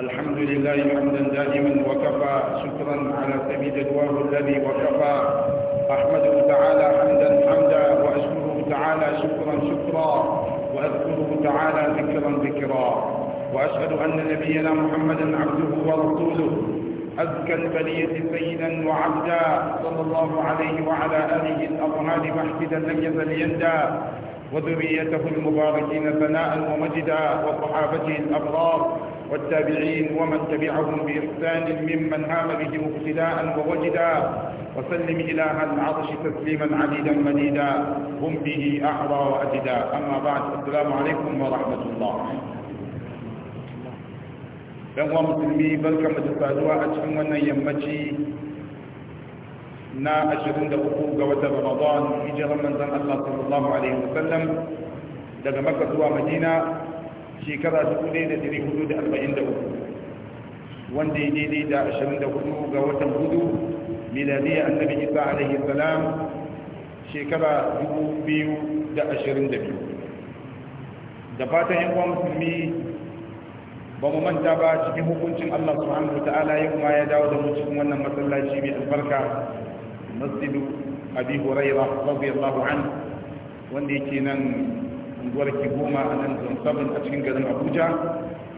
الحمد لله حمدا دائما وكفى شكرا على سبيل الله الذي وكفى أحمده تعالى حمدا حمدا وأشكره تعالى شكرا شكرا وأذكره تعالى ذكرا ذكرا وأشهد أن نبينا محمدا عبده ورسوله أزكى البلية سيدا وعبدا صلى الله عليه وعلى آله الأطهار محفدا لم يزل يندى وذريته المباركين ثناء ومجدا وصحابته الأبرار والتابعين ومن تبعهم بإحسان ممن هام به اقتداء ووجدا وسلم إله العرش تسليما عديدا مديدا هم به أعرى وأجدا أما بعد السلام عليكم ورحمة الله ɗan uwa musulmi barkanmu da saduwa a cikin wannan yammaci na 23 ga watan ramadan hijirar manzon Allah sallallahu alaihi wasallam daga makka zuwa madina shekara 1443 wanda ya daidai da 24 ga watan hudu miladiyya annabi isa alaihi salam shekara 2022 da fatan yan uwan musulmi ba mu manta ba cikin hukuncin Allah subhanahu wataala yau ma ya dawo da mu cikin wannan masallaci mai albarka masjidu abi hurairah radiyallahu anhu wanda yake nan unguwar kigoma a nan zon sabon a cikin garin abuja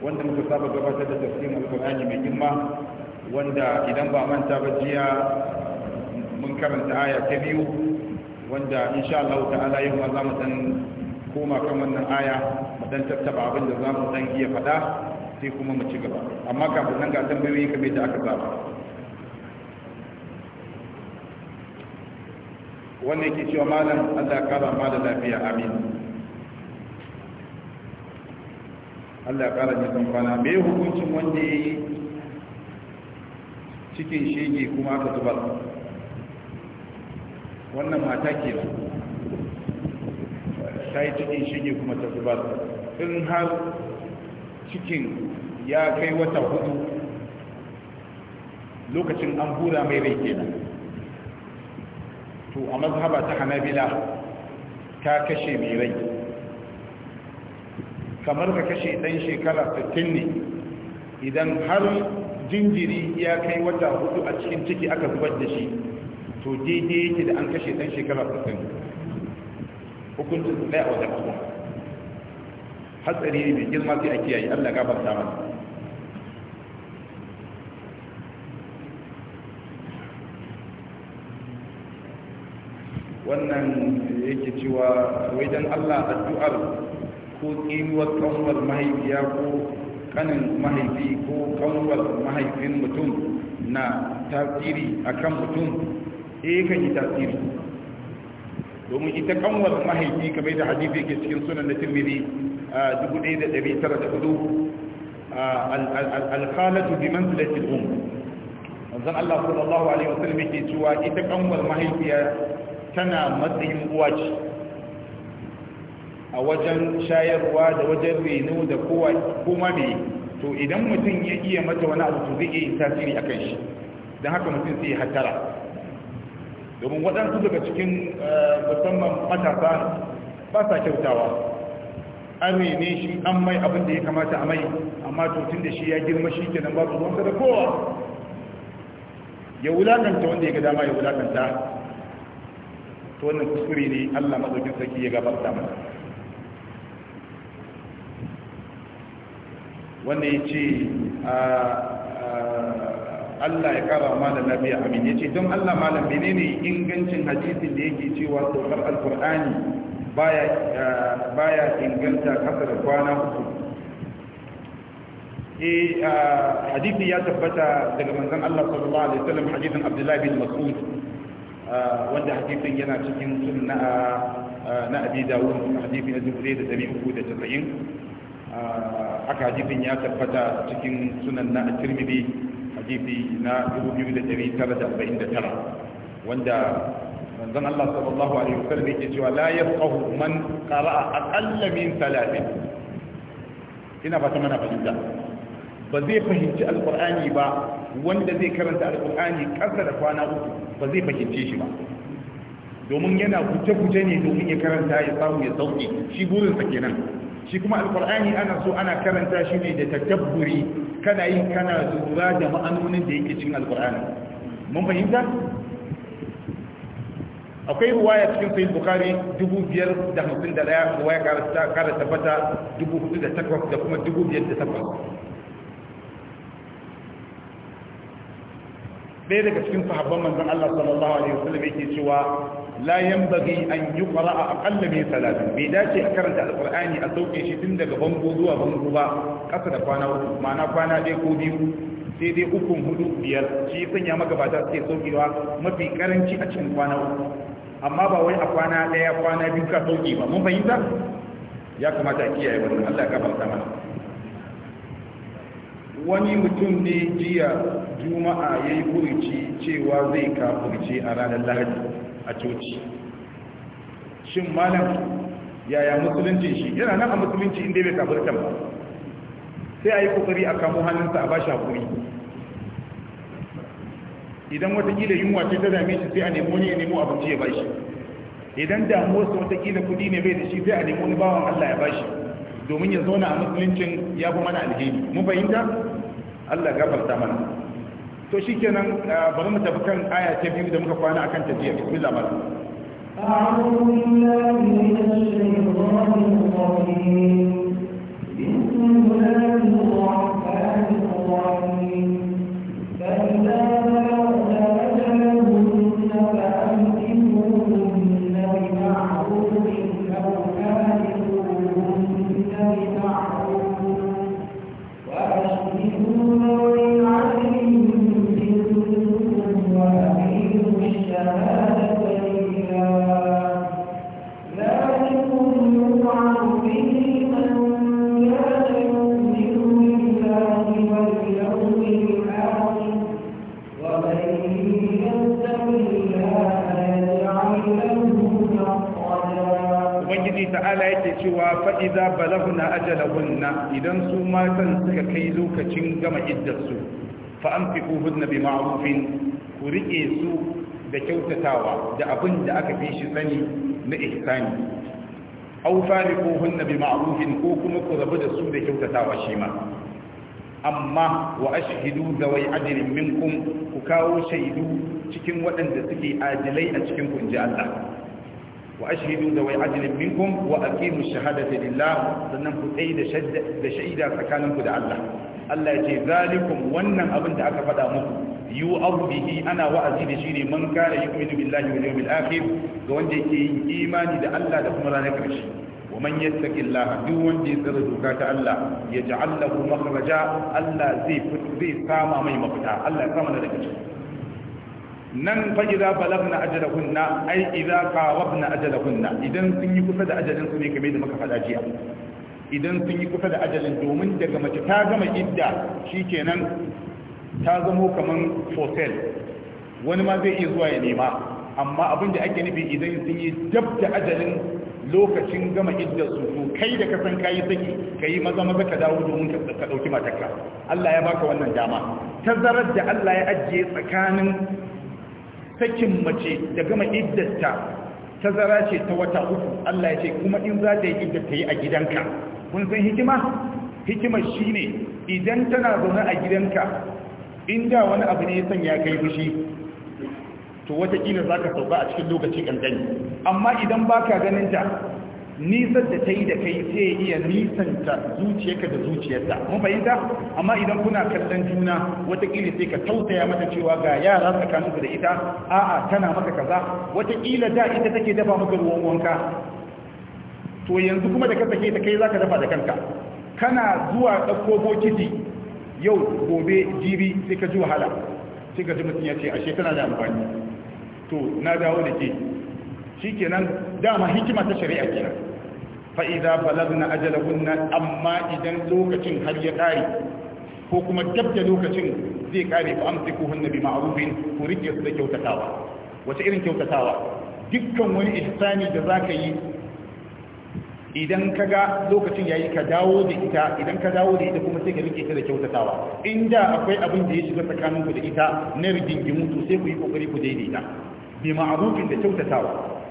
wanda muka saba gabatar da tafsirin alkur'ani mai girma wanda idan ba manta ba jiya mun karanta aya ta biyu wanda insha Allah ta'ala yau ma za mu dan koma kan wannan aya mu dan tattaba abin da za mu dan iya faɗa sai kuma mu ci gaba amma kafin nan ga tambayoyi kamar da aka saba wannan yake cewa malam Allah ya kara malam lafiya amin Allah ya kara nisan kwana me hukuncin wanda ya yi cikin shege kuma aka zubar wannan mata ke ta yi cikin shege kuma ta zubar in har cikin ya kai wata hudu lokacin an hura mai rai ke da to a mazhaba ta hanabila ta kashe mai rai kamar ka kashe ɗan shekara 60 ne idan har jinjiri ya kai wata hudu a cikin ciki aka zubar da shi to daidai yake da an kashe ɗan shekara 60 hukuncin ɗaya a wajen Allah hatsari ne mai girma sai a kiyaye Allah gafarta mana wannan yake cewa wa dan Allah addu'ar ko tsiruwar kanwar mahaifiya ko kanin mahaifi ko kanwar mahaifin mutum na tasiri akan mutum eh kan yi tasiri domin ita kanwar mahaifi kamar da hadisi ke cikin sunan na tirmidhi 1904 al-khalatu bi manzilati al-umm manzon Allah sallallahu alaihi wasallam yake cewa ita kanwar mahaifiya tana matsayin uwa ce a wajen shayarwa da wajen reno da kowa kuma ne to idan mutum ya iya mata wani abu zai iya tasiri a kan shi don haka mutum sai ya hattara domin waɗansu daga cikin eh, musamman matasa ba sa kyautawa an rene shi an mai abin da ya kamata a mai amma tutun da shi ya girma shi kenan su ruwansa da kowa ya wulakanta wanda ya ga dama ya wulakanta to wannan kuskure ne Allah madaukin sarki ya gafarta masa wanda ya ce ah, ah, Allah ya kara malam lafiya amin ya ce don Allah malam ne ingancin hadisin da yake cewa tsokar alkur'ani ah, baya inganta kasar kwana uku e hadisi ya tabbata daga manzan Allah sallallahu alaihi wasallam hadisin Abdullahi bin Mas'ud wanda hadisin yana cikin sunna na Abi Dawud hadisi na 1390 aka hadisin ya tabbata cikin sunan na tirmidhi hadisi na 2949 wanda manzon Allah sallallahu alaihi wasallam yake cewa la yafqahu man qara'a aqalla min thalathin ina ba ta mana fahimta ba zai fahimci alqur'ani ba wanda zai karanta alqur'ani ƙasa da kwana uku ba zai fahimce shi ba domin yana guje-guje ne domin ya karanta ya samu ya sauke shi burinsa kenan shi kuma alkur'ani ana so ana karanta shi ne da tadabburi kana yin kana lura da ma'anonin da yake cikin alkur'ani mun fahimta akwai ruwaya cikin sahih bukhari 5551 ruwaya karanta karanta fata 4008 da kuma 5508 ɗaya daga cikin sahabban manzon Allah sallallahu alaihi wasallam yake cewa la yanbaghi an yuqra aqalla min salatin bai dace a karanta alqur'ani a sauke shi tun daga bango zuwa bango ba kasa da kwana uku ma'ana kwana ɗaya ko biyu sai dai ukun hudu biyar shi sanya magabata suke saukewa mafi karanci a cikin kwana uku amma ba wai a kwana ɗaya kwana biyu ka sauke ba mun fahimta ya kamata a kiyaye wannan Allah ya kafa mana wani mutum ne jiya juma'a ya yi kurici cewa zai kafurce a ranar lahadi a coci shin malam yaya musulunci shi yana nan a musulunci inda bai kafurta ba sai a yi kokari a kamo hannunsa a bashi hakuri idan watakila yunwa ce ta dame shi sai a nemo wani ya nemo abinci ya bashi idan damuwarsa watakila kudi ne bai da shi sai a nemo wani bawan allah ya bashi domin ya zauna a musuluncin ya fi mana alheri mun fahimta Allah gafarta mana to shikenan bari mu tafi kan aya ta biyu da muka kwana akan ta jiya bismillah ba أعوذ بالله من الشيطان الرجيم بسم الله الرحمن الرحيم فإذا fa'iza balaguna ajalahunna idan su matan suka kai lokacin gama iddarsu fa'amfiku hunna bi ma'arufin ku riƙe su da kyautatawa da abin da aka fi shi sani na ihsani au fariku hunna bi ma'arufin ko kuma ku rabu da su da kyautatawa shi ma amma wa ashhidu wai ajrin minkum ku kawo shaidu cikin waɗanda suke adilai a cikin kunji Allah wa ashhidu da wai ajlin minkum wa aqimu shahadata lillah sannan ku tsayi da shaida tsakanin ku da Allah Allah ya ce zalikum wannan abin da aka faɗa muku yu'aw bihi ana wa'azi da shi ne man kana yu'minu billahi wal yawmil akhir ga wanda yake yin imani da Allah da kuma ranar ya ومن يتق الله دو وندي يسر دوكات الله يجعل له zai الله mai mafita allah ya مفتا na daga ciki. nan fa idza balagna ajalahunna ai idza qawabna ajalahunna idan sun yi kusa da ajalin su ne kamar da muka faɗa jiya idan sun yi kusa da ajalin domin daga mace ta gama idda shikenan ta zamo kaman hotel wani ma zai iya zuwa ya nema amma abin da ake nufi idan sun yi dab da ajalin lokacin gama iddar su to kai da ka san kayi saki kayi maza maza ka dawo domin ka dauki matakka. Allah ya baka wannan dama tazarar da Allah ya ajiye tsakanin sakin mace da gama ta tazara ce ta wata uku Allah ya ce kuma in za ta yi iddarta yi a gidanka kun san hikima hikima shine idan tana zaune a gidanka in da wani abu ne ya sanya kai fushi to ƙina za ka sauka a cikin lokaci ƙanƙani. amma idan baka ganin ta nisan da ta da kai sai iya nisanta zuciyarka da zuciyarta mun fahimta amma idan kuna kallon juna watakila sai ka tausaya mata cewa ga yara tsakaninku da ita a'a tana maka kaza watakila da ita take dafa maka ruwan wanka to yanzu kuma da ka sake ta kai zaka dafa da kanka kana zuwa ɗauko bokiti yau gobe jibi sai ka ji wahala sai ka ji mutum ya ce ashe tana da amfani to na dawo da ke Shi shikenan dama hikima ta shari'a kenan fa na balagna ajalahunna amma idan lokacin har ya kare ko kuma dabda lokacin zai kare ko hannu bi ma'rufin ku rike su da kyautatawa wace irin kyautatawa dukkan wani ihsani da za ka yi idan ka ga lokacin ya yi ka dawo da ita idan ka dawo da ita kuma sai ka rike ta da kyautatawa inda akwai abin da ya shiga tsakaninku da ita na rigingimu to sai ku yi ƙoƙari ku daidaita bi ma'rufin da kyautatawa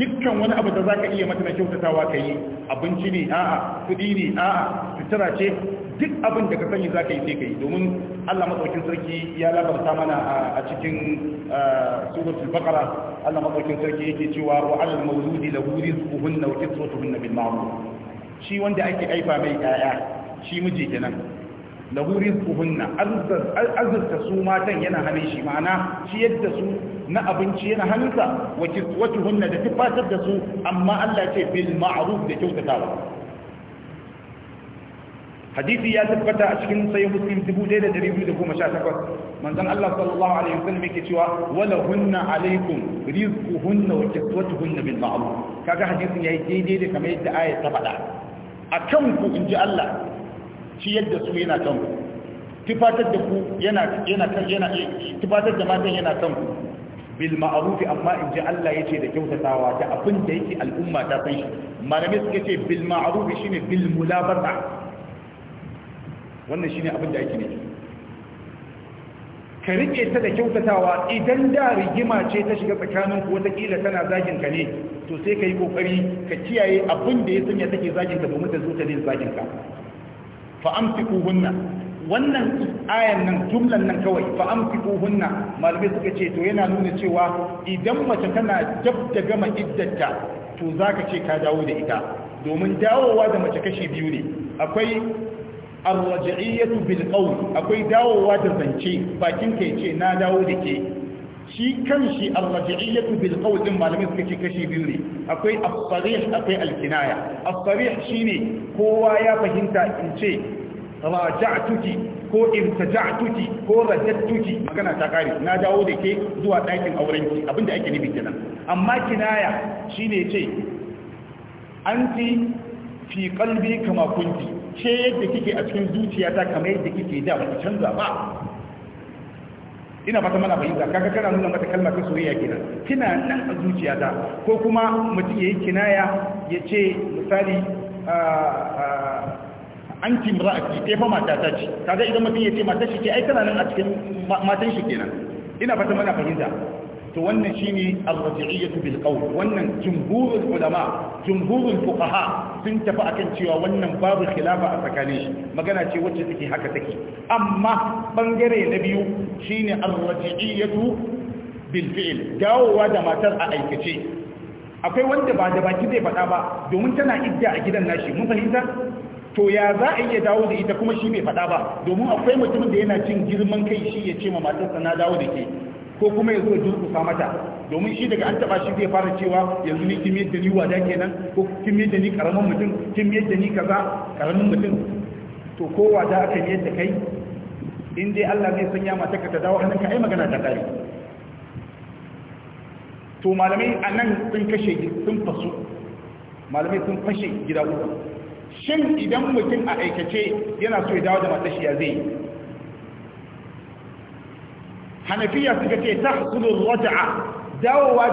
dukkan wani abu da za ka iya mata na kyautatawa ka yi abinci ne a'a kudi ne a'a sutura ce duk abin da ka sani ka yi sai ka yi domin Allah madaukakin sarki ya labarta mana a cikin suratul baqara Allah madaukakin sarki yake cewa wa alal mawludi lahu rizquhunna wa kiswatuhunna bil ma'ruf shi wanda ake aifa mai yaya shi miji kenan lahu rizquhunna azurta su matan yana hannun shi ma'ana ciyar da su na abinci yana hannunsa wa hunna da tufatar da su amma Allah ce bil ma'ruf da kyautatawa hadisi ya tabbata a cikin sai muslim 1218 manzon Allah sallallahu alaihi wasallam yake cewa wala hunna alaikum rizquhunna wa kiswatuhunna bil ma'ruf kaga hadisin yayi daidai da kamar yadda ayat ta faɗa akan ku inji Allah ciyar da su yana kan ku tufatar da ku yana yana kan yana tufatar da matan yana kan ku bil ma'ruf amma in ji Allah yace da kyautatawa ta abin da yake al'umma ta san shi malamai suke ce bil ma'ruf shine bil mulabata wannan shine abin da yake ne ka rike ta da kyautatawa idan da rigima ce ta shiga tsakanin ku watakila tana zagin ka ne to sai ka yi kokari ka kiyaye abin da ya sanya take zagin ka domin ta zo ta ne zagin ka fa'amtikuhunna wannan ayan nan jumlan nan kawai fa'amtikuhunna malamai suka ce to yana nuna cewa idan mace tana dab da gama iddata to zaka ce ka dawo da ita domin dawowa da mace kashi biyu ne akwai arwaji'iyyatu bil akwai dawowa da zance bakin kai ce na dawo da ke shi kanshi al-rafi'iyyatu bil qawl din malamin suka ce kashi biyu ne akwai as-sarih akwai al-kinaya as-sarih shine kowa ya fahimta in ce raja'tuki ko irtaja'tuki ko rajattuki magana ta kare na dawo da ke zuwa ɗakin aurenki abinda ake nufi kenan amma kinaya shine ce anti fi qalbi kama kunti ce yadda kike a cikin zuciyata kamar yadda kike da ba canza ba ina fata mana fahimta kaga kana nuna mata kalmar ta soyayya kina kina nan a zuciya ta ko kuma mutum yayi kinaya ce, misali ah, ah, an ki mra'ati kai fa mata ta ce kaga idan mutum ce mata shi ke ai kana nan a cikin matan shi kenan ina fata mana fahimta to wannan shine ar-rafi'iyyah bil qawl wannan jumhurul ulama jumhurul fuqaha sun tafi akan cewa wannan babu khilafa a tsakanin shi magana ce wacce take haka take amma bangare na biyu shine ar-rafi'iyyah bil fi'l dawowa da matar a aikace akwai wanda ba da baki zai faɗa ba domin tana idda a gidan nashi mun fahimta to ya za a iya dawo da ita kuma shi bai faɗa ba domin akwai mutumin da yana cin girman kai shi ya ce ma matarsa na dawo da ke ko kuma ya zo durkusa mata domin shi daga an taba shi zai fara cewa yanzu ni kin da ni wada kenan ko kin da ni karamin mutum kin da ni kaza karamin mutum to ko wada aka yi yadda kai in dai Allah zai sanya mata ka ta dawo ka ai magana ta kare to malamai anan sun kashe sun fasu malamai sun fashe gida uku shin idan mutum a aikace yana so ya dawo da matashi ya zai hanafiya suka ce tahsulur raja'a dawowa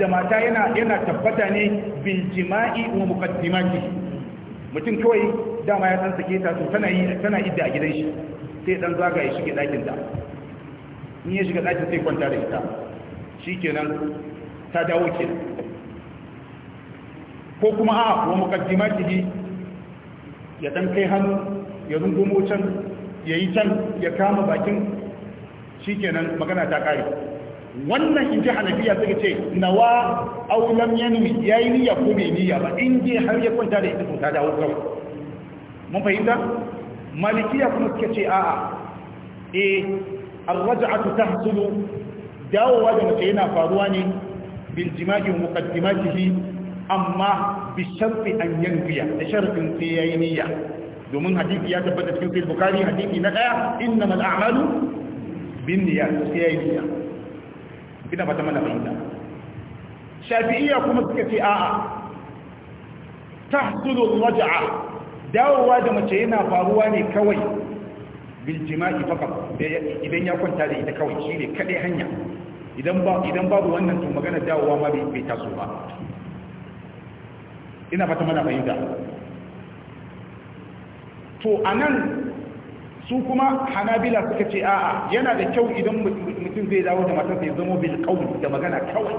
da mata yana yana tabbata ne bin jima'i wa muqaddimati mutum kawai dama ya san sake ta to tana yi tana idda a gidan shi sai dan zaga ya shige dakin ta in ya shiga dakin sai kwanta da ita shikenan ta dawo ke ko kuma a wa muqaddimati ya dan kai hannu ya rungumo can yayi can ya kama bakin shikenan magana ta kare wannan in ji hanafiya suka ce nawa aulam yanwi ya yi niyya ko bai niyya ba in je har ya kwanta da ita ko ta dawo kawai mun fahimta malikiya kuma suka ce a'a eh arraj'atu tahsulu dawowa da mace yana faruwa ne bil jima'i muqaddimatihi amma bi sharti an yanwiya da shartin sai yayi niyya domin hadisi ya tabbata cikin sahih bukhari hadisi na daya innamal a'malu bin niyya sai ya yi niyya ina fata mana fahimta shafi'iyya kuma suka ce a'a Ta tahsulu raj'a dawowa da mace yana faruwa ne kawai bil jima'i fakat idan ya kwanta da ita kawai shi ne kade hanya idan babu wannan to magana dawowa ma bai taso ba ina fata mana fahimta to a nan. su kuma hanabila suka ce a'a yana da kyau idan mutum zai dawo da matar sai zama bil qawl da magana kawai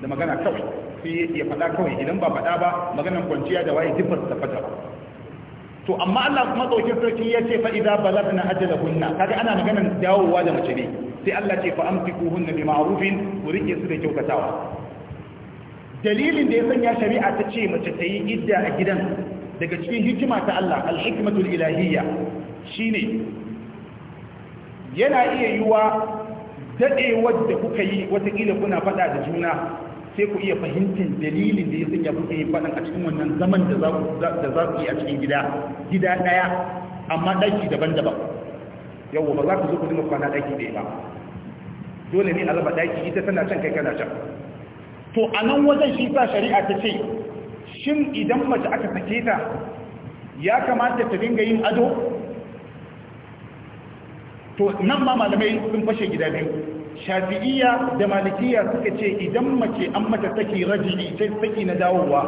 da magana kawai sai ya fada kawai idan ba faɗa ba maganan kwanciya da waye dubbar ta fata to amma Allah madaukin sarki ya ce fa idza balagna ajalahunna kaga ana maganan dawowa da mace ne sai Allah ce fa amtikuhunna bi ma'rufin ku su da kyautatawa dalilin da ya sanya shari'a ta ce mace ta yi idda a gidan daga cikin hikima ta Allah al-hikmatul ilahiyya shine yana iya yiwa dadewar da kuka yi wata watakila kuna fada da juna sai ku iya fahimtar dalilin da ya sanya kuke yin fadan a cikin wannan zaman da za ku yi a cikin gida gida daya amma daki daban-daban yau ba za ku zo ku dinga kwana daki ɗaya ba dole ne a raba daki ita tana can kai kana can to a nan wajen shi sa shari'a ta ce shin idan mace aka sake ta ya kamata ta dinga yin ado to nan ma malamai sun fashe gida biyu shafi'iyya da malikiya suka ce idan mace an mata saki raji'i sai saki na dawowa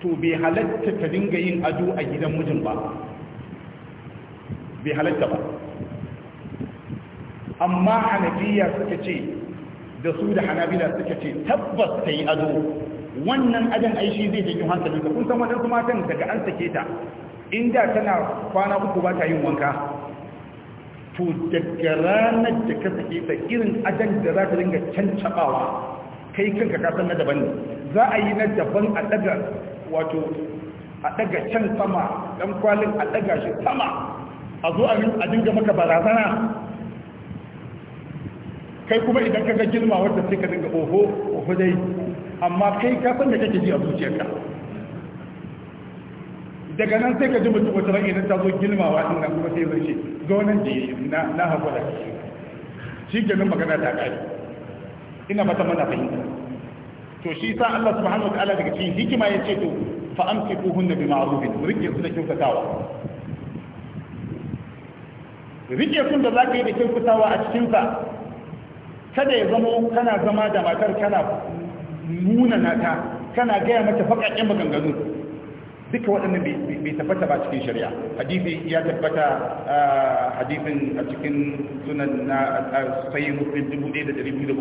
to bai halatta ta dinga yin ado a gidan mijin ba bai halatta ba amma hanafiya suka ce da su da hanabila suka ce tabbas ta yi ado wannan adan aishi zai jikin hankalinka kun san wadansu matan daga an sake ta inda tana kwana uku ba ta yin wanka to daga ranar da ka sake ta irin adan da za ta dinga cancabawa kai kanka kasan na daban ne za a yi na daban a daga wato a daga can sama dan kwalin a daga shi sama a zo a dinga maka barazana kai kuma idan ka ga girma wadda sai ka dinga oho oho dai amma kai kafin da kake ji a zuciyarka daga nan sai ka ji mutum wata ran idan ta zo gilmawa din nan kuma sai zai ce zo nan na na hakura shi ke nan magana ta kai ina mata mana fahimta to shi sa Allah subhanahu wa ta'ala daga cikin hikima ya ce to fa amsikuhunna bi ma'rufin rike su da kyautatawa rike sun da za ka yi da kyautatawa a cikinsa kada ya zamo kana zama da matar kana nuna nata kana gaya mata faƙaƙen maganganu duka waɗannan bai tabbata ba cikin shari'a hadisi ya tabbata hadisin a cikin sunan na sayi muslim 1218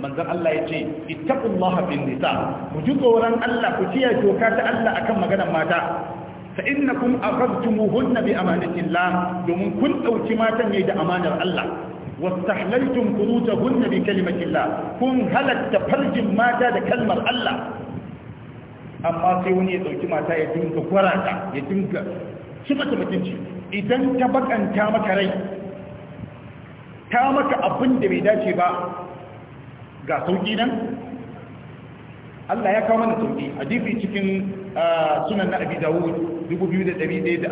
manzan Allah ya ce ittaqullaha bin nisa ku ji tsoron Allah ku kiyaye doka ta Allah akan maganar mata ta fa innakum aghadtumuhunna bi amanatillah domin kun ɗauki matan ne da amanar Allah واستحللتم فروجهن بكلمة الله كن هلك تفرج ما جاد كلمة الله أما سيوني يدوك ما تا يدنك وراتا يدنك شمت متنشي إذن تبك أن تامك ري تامك أبن دبيداتي با ga sauki nan Allah ya kawo mana sauki hadisi cikin sunan na abi dawud 2143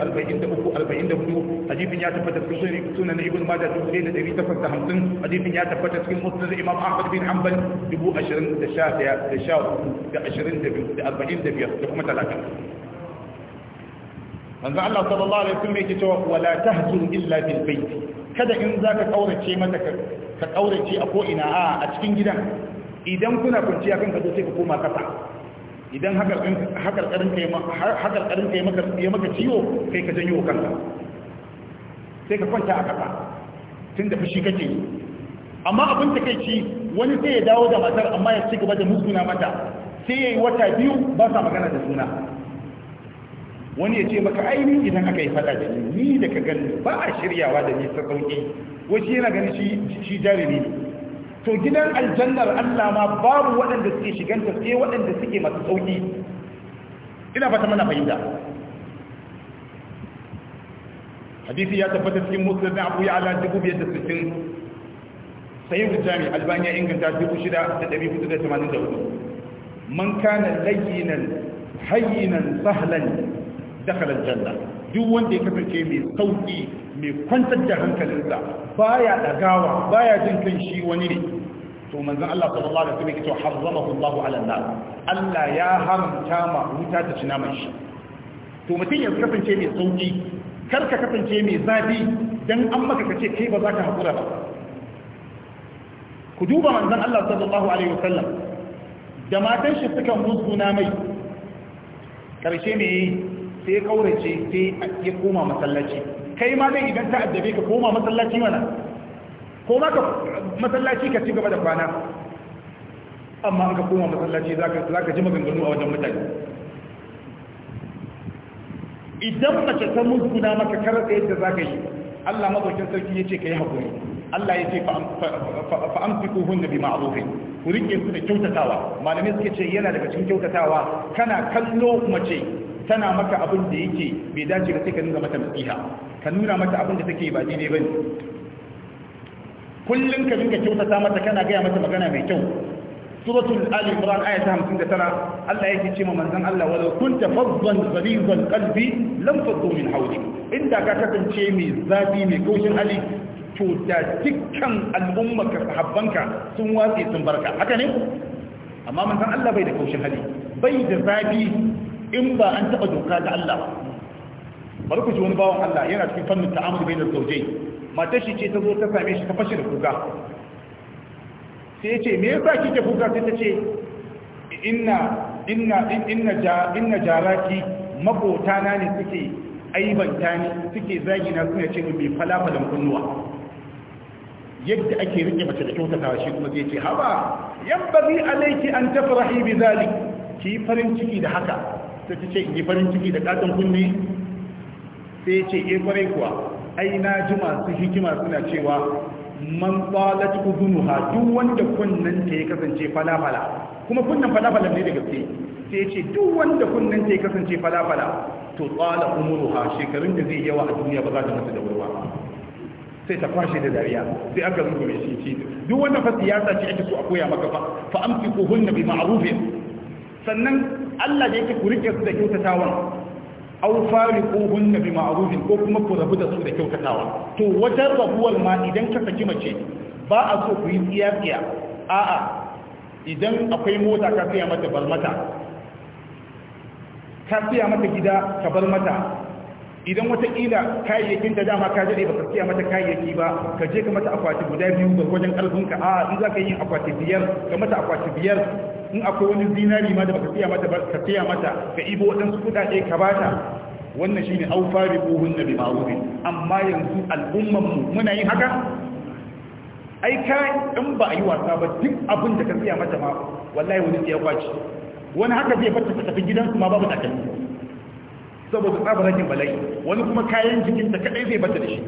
hadisin ya tabbata cikin sunan ibn majah 1850 hadisin ya tabbata cikin musnad imam ahmad bin hanbal 20 da 11 da 22 da 45 da kuma 30 manzo Allah sallallahu alaihi wasallam yake cewa wala tahzun illa bil kada in zaka kaurace mata ka kaurace a ko ina a a cikin gidan idan kuna kwanciya kanka zo sai ka koma kasa idan hakarkarin ka ya maka ciwo kai ka janyo kanka sai ka kwanta a kasa tun da fushi kake amma abin ta kai ci wani sai ya dawo da matar amma ya ci gaba da musuna mata sai ya yi wata biyu ba sa magana da suna wani ya ce maka aini idan aka yi fada da ni da ka gani ba a shiryawa da ni ta wasu yana gani shi jarumi ne to gidan aljannar Allah ma babu waɗanda suke shiganta sai waɗanda suke masu sauki ina fata mana fahimta hadisi ya tabbata cikin musulun na abu ya ala dubu biyar da sittin sai yi jami albaniya inganta dubu shida da ɗari hudu da tamanin da hudu man kana layyinan hayyinan sahlan dakalar jannar duk wanda ya kasance mai sauki mai kwantar da hankalinsa Ba ya ɗagawa ba ya jin kan shi wani ne to manzan Allah sallallahu alaihi wasallam yake cewa harramahu Allahu ala nar Allah ya haramta ma wuta ta ci naman shi to mutum ya kasance mai sauki kar ka kasance mai zafi don an maka kace kai ba za ka haƙura ba ku duba manzan Allah sallallahu alaihi wasallam da matan shi suka musguna mai karshe ne sai ya kaurace sai ya koma masallaci kai ma zai idan ta addabe ka koma masallaci mana ko ma ka masallaci ka ci gaba da kwana amma an ka koma masallaci za ka ji maganganu a wajen mutane idan mace ta musguna maka karasa yadda za ka yi Allah mazaukin sarki ya ce ka yi haƙuri Allah ya ce fi fa'amfiku hunna bi ma'arufin ku rike su da kyautatawa malamai suke ce yana daga cikin kyautatawa kana kallo mace tana maka abin da yake bai dace ba sai ka nuna mata nasiha ka nuna mata abin da take ba daidai bane kullum ka dinga kyautata mata kana gaya mata magana mai kyau suratul ali imran aya ta 59 Allah yake cewa manzon Allah walau kunta faddan ghalidhal qalbi lam faddu min In inda ka kasance mai zafi mai kaushin hali, to da dukkan al'ummarka sahabbanka sun watsi sun barka haka ne amma manzon Allah bai da kaushin hali bai da zafi in ba an taɓa doka da Allah ba bari ku ji wani bawan Allah yana cikin fannin ta'amul da zaujai matar shi ce ta zo ta same shi ta fashe da kuka sai ya ce me yasa kike kuka sai ta ce inna inna inna ja inna jaraki makota na ne suke aibanta ni suke zagi na suna ce mai falafalan kunnuwa yadda ake rike mace da kyautata shi kuma zai ce haba yabbi alayki an tafrahi bi zalik ki farin ciki da haka ta ce in yi farin ciki da katon kunne sai ce e kwarai kuwa ai na ji masu hikima suna cewa man tsalat uzunuha duk wanda kunnen ta ya kasance falafala kuma kunnen falafala ne da gaske sai ce duk wanda kunnen ta ya kasance falafala to tsala ha, shekarun da zai yawa a duniya ba za ta mutu da wurwa sai ta kwashe da dariya sai aka rungume shi ci duk wannan fa siyasa ce ake so a koya maka fa fa ko hunna bi ma'rufin sannan Allah da yake ku rike su da kyautatawan aw hunna bi ma'ruf ko kuma ku rabu da su da kyautatawa to wata rabuwar ma idan ka saki mace ba a so ku yi tsiyatsiya a'a idan akwai mota ka siya mata bar mata ka siya mata gida ka bar mata idan wataƙila kayayyakin ta dama ka jade baka siya mata kayayyaki ba ka je ka mata akwati guda biyu ga wajen karfinka a in za ka yi akwati biyar ka mata akwati biyar in akwai wani zinari ma da ba ka tsaya mata ka ibo wadansu kudade ka bata wannan ne au fariquhun nabi ma'ruf amma yanzu al'umman mu muna yin haka ai kai in ba a yi wasa ba duk abin da ka tsaya mata ma wallahi wani tsaya kwaci wani haka zai fata ta tafi gidansu ma babu takalmi saboda tsabarin bala'i wani kuma kayan jikinta kadai zai bata da shi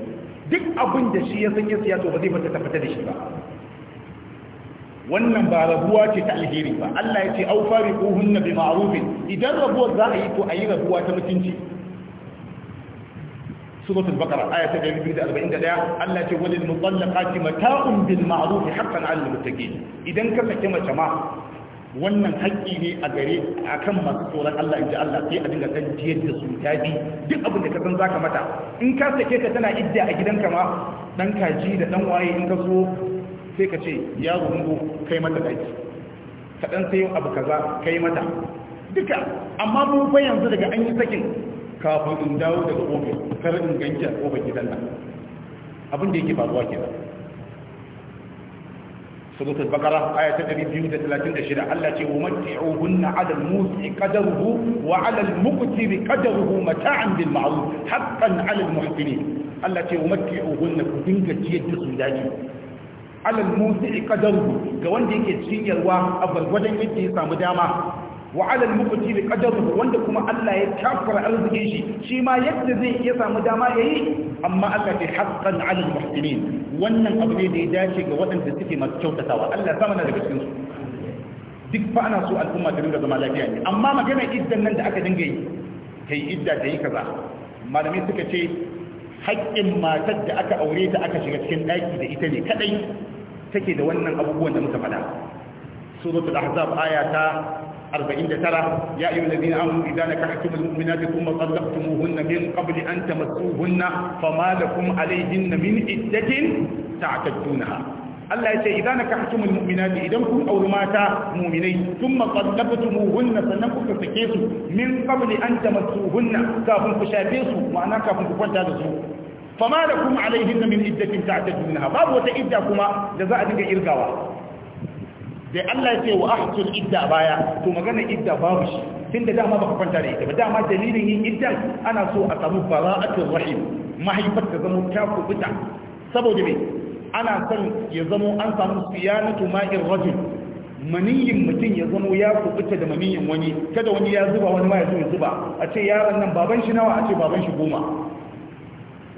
duk abin da shi ya san ya siya to ba zai bata ta fita da shi ba wannan ba rabuwa ce ta alheri ba Allah ya ce au fariquhunna bi ma'rufin idan rabuwar za a yi to a yi rabuwa ta mutunci suratul baqara aya ta 241 Allah ce walil mutallaqati mata'un bil ma'ruf haqqan 'alal muttaqin idan ka sake mace ma wannan haƙƙi ne a gare a kan masu tsoron Allah inji Allah sai a dinga kan jiyar da su daɗi duk abin da ka san zaka mata in ka sake ka tana idda a gidanka ma dan kaji da dan waye in ka so sai ka ce ya rungo kai mata daki kaɗan sai yin abu kaza kai mata duka amma mun fa yanzu daga an yi sakin kafin in dawo daga ofis kar in ganke a kofar gidan nan abin da yake faruwa kenan سورة البقرة آية 236 التي ومتعوهن على الموسع قدره وعلى المقتر قدره متاعا بالمعروف حقا على المحسنين التي ومتعوهن كدنك جيد سوداني alal musi qadaru ga wanda yake cinyarwa a gwargwadon yadda ya samu dama wa alal da kadaru wanda kuma Allah ya kafara arzikin shi shi ma yadda zai iya samu dama yayi amma aka fi haqqan alal muhsinin wannan abu ne da ya dace ga waɗanda suke masu kyautatawa Allah sama na daga cikin su duk fa ana so al'umma ta dinga zama lafiya ne amma magana iddan nan da aka dinga yi kai idda da yi kaza malamai suka ce hakkin matar da aka aureta aka shiga cikin ɗaki da ita ne kaɗai take da wannan abubuwan da muka faɗa suratul ahzab ayata 49 ya ayyuha allazina amanu idza nakahtumul mu'minati kuma talaqtumuhunna min qabli an tamassuhunna fama lakum alayhinna min iddatin ta'tadunha ta Allah ya ce idan nakahtumul mu'minati idan kun auri mata mu'minai thumma qallabtumuhunna sannan kuka sake su min qabli an tamassuhunna kafin ku shafe su ma'ana kafin ku kwanta da su fama da lakum alaihinna min iddatin ta'tadunha babu wata idda kuma da za a dinga irgawa dai Allah ya ce wa ahsul idda baya to magana idda babu shi tunda dama baka kwanta da ita ba dama dalilin yin iddan ana so a samu bara'atul rahim mahaifar ta zama ta kubuta saboda me ana son ya zamo an samu siyanatu ma'in rajul maniyin mutum ya zamo ya kubuta da maniyin wani kada wani ya zuba wani ma ya zo zuba a ce yaron nan baban shi nawa a ce baban shi goma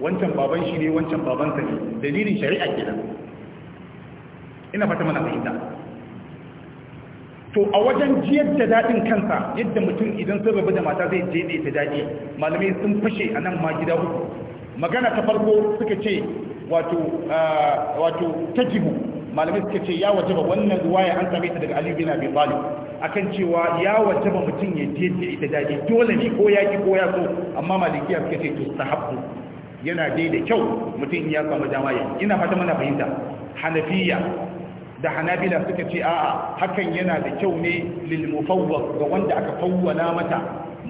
wancan baban shi ne wancan babansa ne dalilin shari'a kenan ina fata mana fahimta to a wajen jiyar da daɗin kansa yadda mutum idan sun rabu da mata zai jeje ta dadi daɗi malamai sun fashe a nan ma gida uku magana ta farko suka ce wato wato tajibu malamai suka ce ya wajaba wannan ruwaya an same ta daga Ali bin Abi Talib akan cewa ya wajaba mutum ya je da ita daji dole ne ko ya ki ko ya so amma malikiya suka ce to sahabbu yana dai da kyau mutum ya samu dama ya ina fata mana fahimta hanafiya da hanabila suka ce a'a hakan yana da kyau ne lil ga wanda aka fawwana mata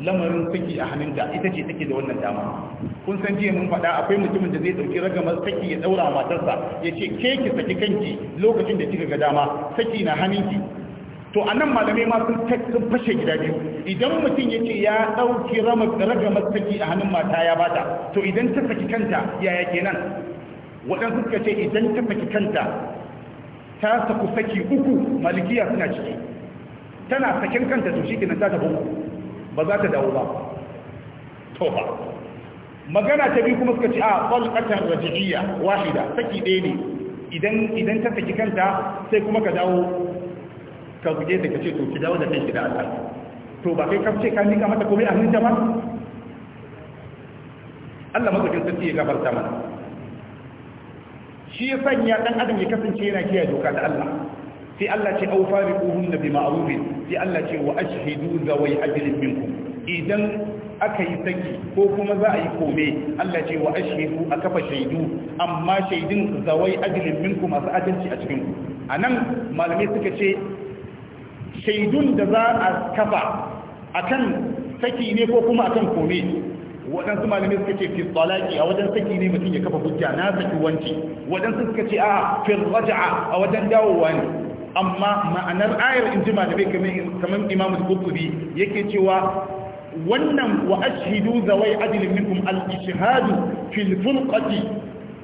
lamarin saki a hannunta ita ce take da wannan dama kun san jiya mun faɗa akwai mutumin da zai ɗauki ragamar saki ya ɗaura matarsa ya ce ke ki saki kanki lokacin da kika ga dama saki na hannunki to a nan malamai ma sun fashe gida biyu idan mutum ya ce ya ɗauki ragamar saki a hannun mata ya bata to idan ta saki kanta yaya kenan waɗansu suka ce idan ta saki kanta ta saku saki uku malikiya suna ciki tana sakin kanta to shi kenan ta tabo ba za ta dawo ba tofa magana ta biyu kuma suka ce a ah, ƙwalƙatar rajiyya wahida saki ɗaya ne idan idan ta saki kanta sai kuma ka dawo ka guje ta ka ce to ki dawo da kai ki da Allah to ba kai ka ce ka nika mata komai a hannunta ba Allah madaukin sarki ya gafarta mana shi ya sanya ɗan adam ya kasance yana kiyaye doka da Allah sai Allah ce au fariquhum bi ma'rufin sai Allah ce wa ashhidu zawai ajrin minkum idan aka yi saki ko kuma za a yi kome Allah ce wa ashhidu a kafa shaidu amma shaidun zawai ajrin minkum masu adalci a cikin ku anan malamai suka ce shaidun da za a kafa akan saki ne ko kuma akan kome waɗansu malamai suka ce fi tsalaki a wajen saki ne mutum ya kafa hujja na saki wanci waɗansu suka ce a fi raja'a a wajen dawowa ne amma ma'anar ayar in ji malamai kamar imamu kutubi yake cewa wannan wa ashhidu zawai adlin minkum al-ishhadu fil fulqati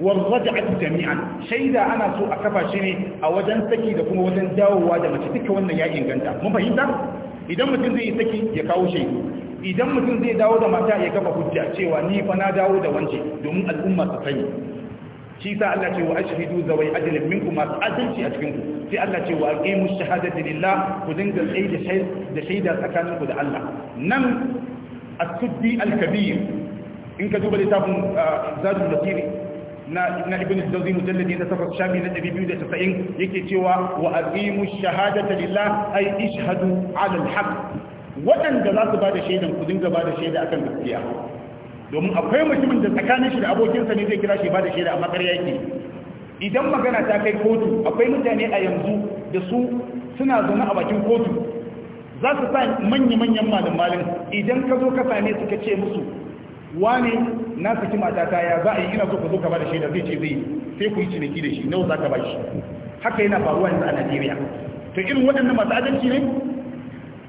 warraja'at jami'an shaida ana so a kafa shi ne a wajen saki da kuma wajen dawowa da mace duka wannan ya inganta mun fahimta idan mutum zai saki ya kawo shaidu idan mutum zai dawo da mata ya kafa hujja cewa ni fa na dawo da wance domin al'umma su sani shi sa Allah ce wa ashhadu zawai adlin minkum masu adalci a cikin ku sai Allah ce wa aqimu shahadati lillah ku dinga tsayi da shaida da shaida tsakanin ku da Allah nan as-siddi al-kabir in ka duba littafin ah, zadul basiri na ibn ibn al-jawzi mujalladi na safar shami na 290 yake cewa wa aqimu shahadata lillah ay ishhadu ala al-haqq wadanda za su ba da shaidan ku dinga ba da shaida akan gaskiya domin akwai mutumin da tsakanin shi da abokinsa ne zai kira shi ba da shaida a matsar yake idan magana ta kai kotu akwai mutane a yanzu da su suna zaune a bakin kotu za su sa manya-manyan malin idan ka zo ka same su ka ce musu wane na saki matata ya za a yi ina so ka zo ka ba da shaida zai ce zai sai ku yi ciniki da shi nawa za ka ba shi haka yana faruwa yanzu a najeriya to irin waɗannan masu adalci ne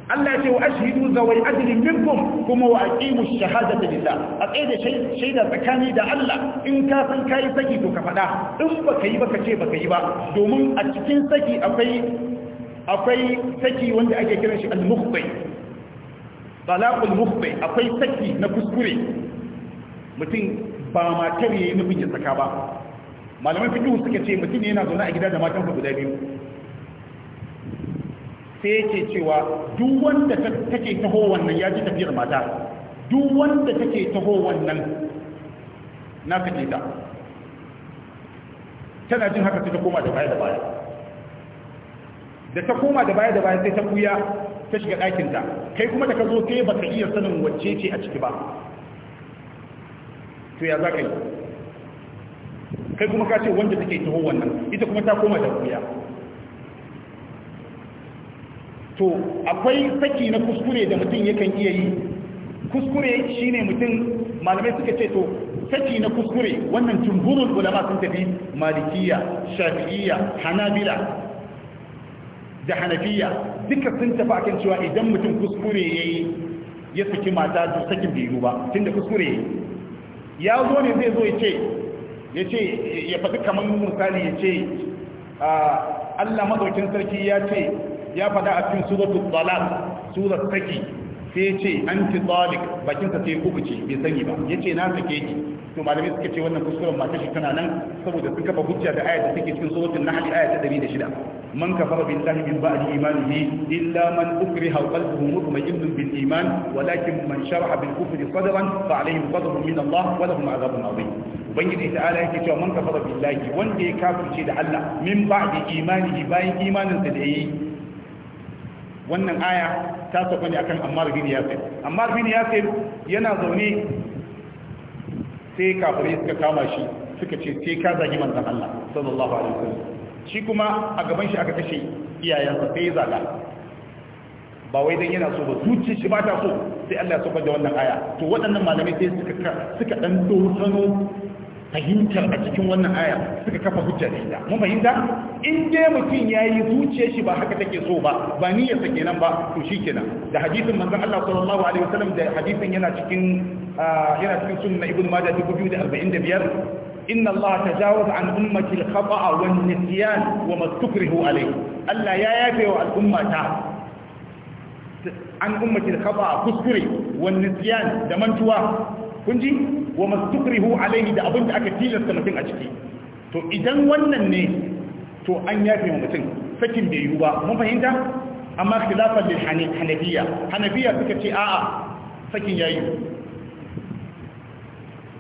Allah ya ce wa ashhidu zawai adlin minkum kuma wa aqimu shahadata lillah a tsaye da shaida tsakani da Allah in ka san kai saki to ka faɗa in baka yi baka ce baka yi ba domin a cikin saki akwai akwai saki wanda ake kiran shi al-mukhti talaqul mukhti akwai saki na kuskure mutum ba matar yayi nufin ya saka ba malaman fiqh suka ce mutum ne yana zaune a gida da matan guda biyu sai yake cewa duk wanda take taho wannan ya ji tafiyar mata duk wanda take taho wannan na kace ta tana jin haka sai ta koma da baya da baya da ta koma da baya da baya sai ta kuya ta shiga ɗakinta kai kuma da ka zo kai baka iya sanin wacce ce a ciki ba to ya za ka yi kai kuma ka ce wanda take taho wannan ita kuma ta koma da kuya to akwai saki na kuskure da mutum yakan iya yi kuskure shi ne mutum malamai suka ce to saki na kuskure wannan jumhurul ulama sun tafi malikiya shafi'iyya hanabila da hanafiya duka sun tafi akan cewa idan mutum kuskure ya yi, ya saki mata su sakin bai yi ba da kuskure ya zo ne zai zo ya ce ya ce ya faɗi kamar misali ya ce ah, Allah madaukin sarki ya ce ya faɗa a cikin suratul talaq surat saki sai ce anti talik bakin sa sai uku ce bai sani ba yace na sake ki to malamai suka ce wannan kuskuren matar shi tana nan saboda sun kafa hujja da ayat da take cikin suratul nahl ayat ta 106 man kafara billahi min ba'di imanihi illa man ukriha qalbuhu mutma'innun bil iman walakin man sharaha bil kufri sadran fa alaihim ghadabun min Allah wa lahum adhabun adhim ubangiji ta'ala yake cewa man kafara billahi wanda ya kafirce da Allah min ba'di imanihi bayan imaninsa da yayi wannan aya ta sauka ne akan Ammar bin Yasir Ammar bin Yasir yana zaune sai kafirai suka kama shi suka ce sai ka zagi manzon Allah sallallahu alaihi wasallam shi kuma a gaban shi aka kashe iyayensa sai ya zaga ba wai dan yana so ba zuci shi ba ta so sai Allah ya saukar da wannan aya to waɗannan malamai sai suka suka dan dosano fahimtar a cikin wannan aya suka kafa hujjar shida, mun fahimta in dai mutum yi zuciyar shi ba haka take so ba ba ya sa kenan ba to kenan. da hadisin manzon Allah sallallahu alaihi wasallam da hadisin yana cikin ah, yana cikin sunna ibnu majah 245 إن الله تجاوز عن أمة الخطأ والنسيان وما استكره عليه ألا an يافع الأمة عن kuskure الخطأ كسكري da mantuwa? kun ji wa mastukrihu alaihi da abin da aka tilasta mutum a ciki to idan wannan ne to an yafe wa mutum sakin bai yiwu ba mun fahimta amma khilafa lil hanafiya hanabiya suka ce a'a sakin yayi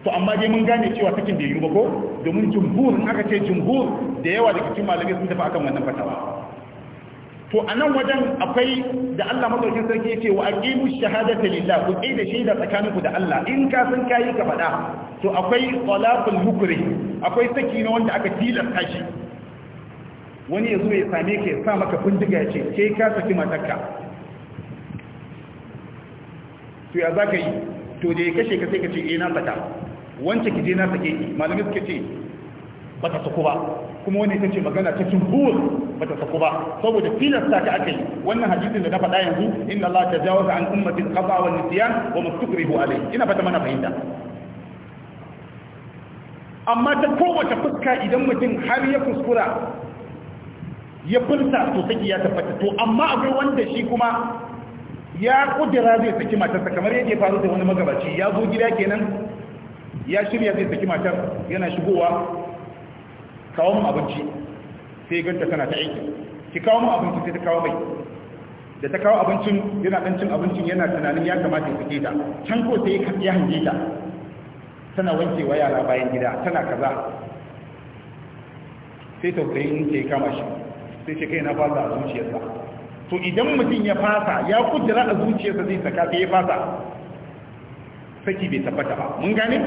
to amma dai mun gane cewa sakin bai yiwu ba ko domin jumhur aka ce jumhur da yawa daga cikin malamai sun tafi akan wannan fatawa to a nan wajen akwai da Allah mazaukin sarki ce wa aqimu shahadata lillah ku da shaida tsakaninku da Allah in ka san kai ka faɗa to akwai talaqul mukri akwai saki na wanda aka tilasta shi wani yazo ya same ka ya sa maka bindiga ce ke ka saki matarka to ya zaka yi to da ya kashe ka sai ka ce eh na saka wance ki je na sake ki malami suka ce baka saku ba kuma wani ya ce magana ta tumbur bata saku ba saboda tilasta ta aka yi wannan hadisin da na faɗa yanzu inna Allah tajawaza an ummati al-khata wa nisyan wa mastukrihu alayhi ina fata mana fahimta amma ta kowace fuska idan mutum har ya kuskura ya furta to saki ya tabbata to amma akwai wanda shi kuma ya kudira zai saki matarsa kamar yadda ya faru da wani magabaci ya zo gida kenan ya shirya zai saki matar yana shigowa kawo abinci sai ganta tana ta aiki ki kawo mu abinci sai ta kawo mai da ta kawo abincin yana dan cin abincin yana tunanin ya kamata ya fike ta can ko sai ya hange ta tana wankewa yara bayan gida tana kaza sai in ke kama shi sai ce kai na fasa a zuciyarsa to idan mutum ya fasa ya kudura a zuciyarsa zai saka sai ya fasa saki bai tabbata ba mun gane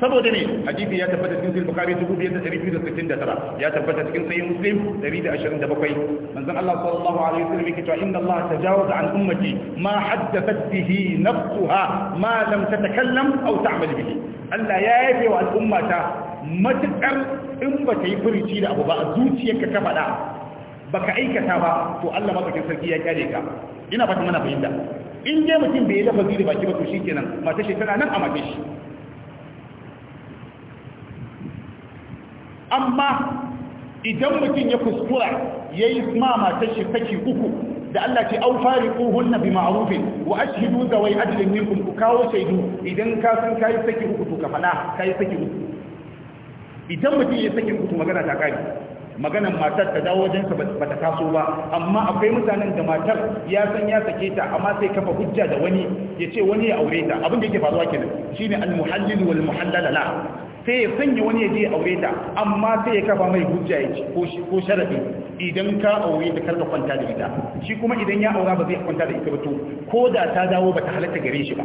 saboda ne hadisi ya tabbata cikin sahih bukhari 2269 ya tabbata cikin sahih muslim 127 manzon Allah sallallahu alaihi wasallam yake cewa inna Allah tajawaza an ummati ma haddathat bihi nafsuha ma lam tatakallam aw ta'mal bihi Allah ya yafe wa al'ummata matukar in ba ta yi furici da abu ba a zuciyarka ka faɗa ka aikata ba to Allah madaukakin sarki ya kyale ka ina fata mana fahimta in dai mutum bai yi lafazi da baki ba to shi kenan mata shi tana nan a mafi shi amma idan mutum ya kuskura ya yi ma matar shi saki uku da Allah ce au fariqu hunna bi ma'rufin wa ashhidu zawai ajlin minkum ku kawo shaidu idan ka san kai saki uku to ka fada kai saki uku idan mutum ya saki uku magana ta kai maganan matar ta dawo wajensa ba ta taso ba amma akwai mutanen da matar ya san ya sake ta amma sai kafa hujja da wani ya ce wani ya aure ta abin da yake faruwa kenan shine al-muhallil wal muhallala sai ya sanya wani ya je aure ta amma sai ya kafa mai hujja ya ci ko sharadi idan ka aure ta karka kwanta da ita shi kuma idan ya aura ba zai kwanta da ita ba to ko da ta dawo ba ta halatta gare shi ba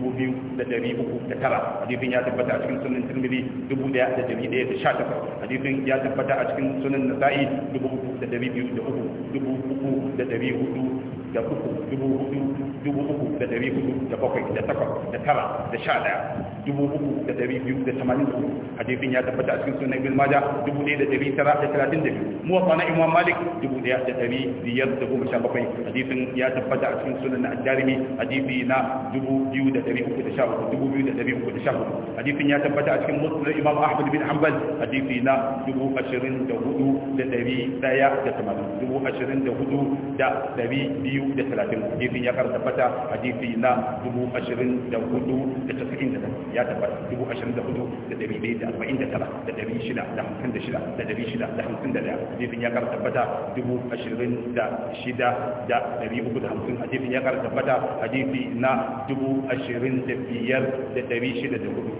dubu biyu da uku da tara hadisin ya tabbata a cikin sunan tirmidhi dubu da ɗari da sha takwas hadisin ya tabbata a cikin sunan nasa'i dubu uku da biyu da uku dubu uku da hudu da uku dubu hudu dubu uku da dari hudu da bakwai da takwas da tara da sha daya dubu uku da dari biyu da tamanin da uku hadisin ya tabbata a cikin sunan ibn maja dubu ɗaya da dari tara da talatin da biyu muwafa na imam malik dubu ɗaya da dari biyar da goma sha bakwai hadisin ya tabbata a cikin sunan al-jarimi hadisi na dubu biyu da dari uku da sha hudu dubu biyu da dari uku da sha uku hadisin ya tabbata a cikin musulun imam ahmad bin hanbal hadisi na dubu ashirin da hudu da dari ɗaya da tamanin dubu ashirin da hudu da dari biyu biyu da talatin hadisin ya ƙara tabbata hadisi na dubu ashirin da hudu da casa'in da ya tabbata dubu ashirin da hudu da ɗari ɗaya da arba'in da tara da ɗari shida da hamsin da shida da ɗari shida da hamsin da ɗaya hadisin ya ƙara tabbata dubu ashirin da shida da ɗari uku da hamsin a hadisin ya ƙara tabbata hadisi na dubu ashirin da biyar da ɗari shida da hudu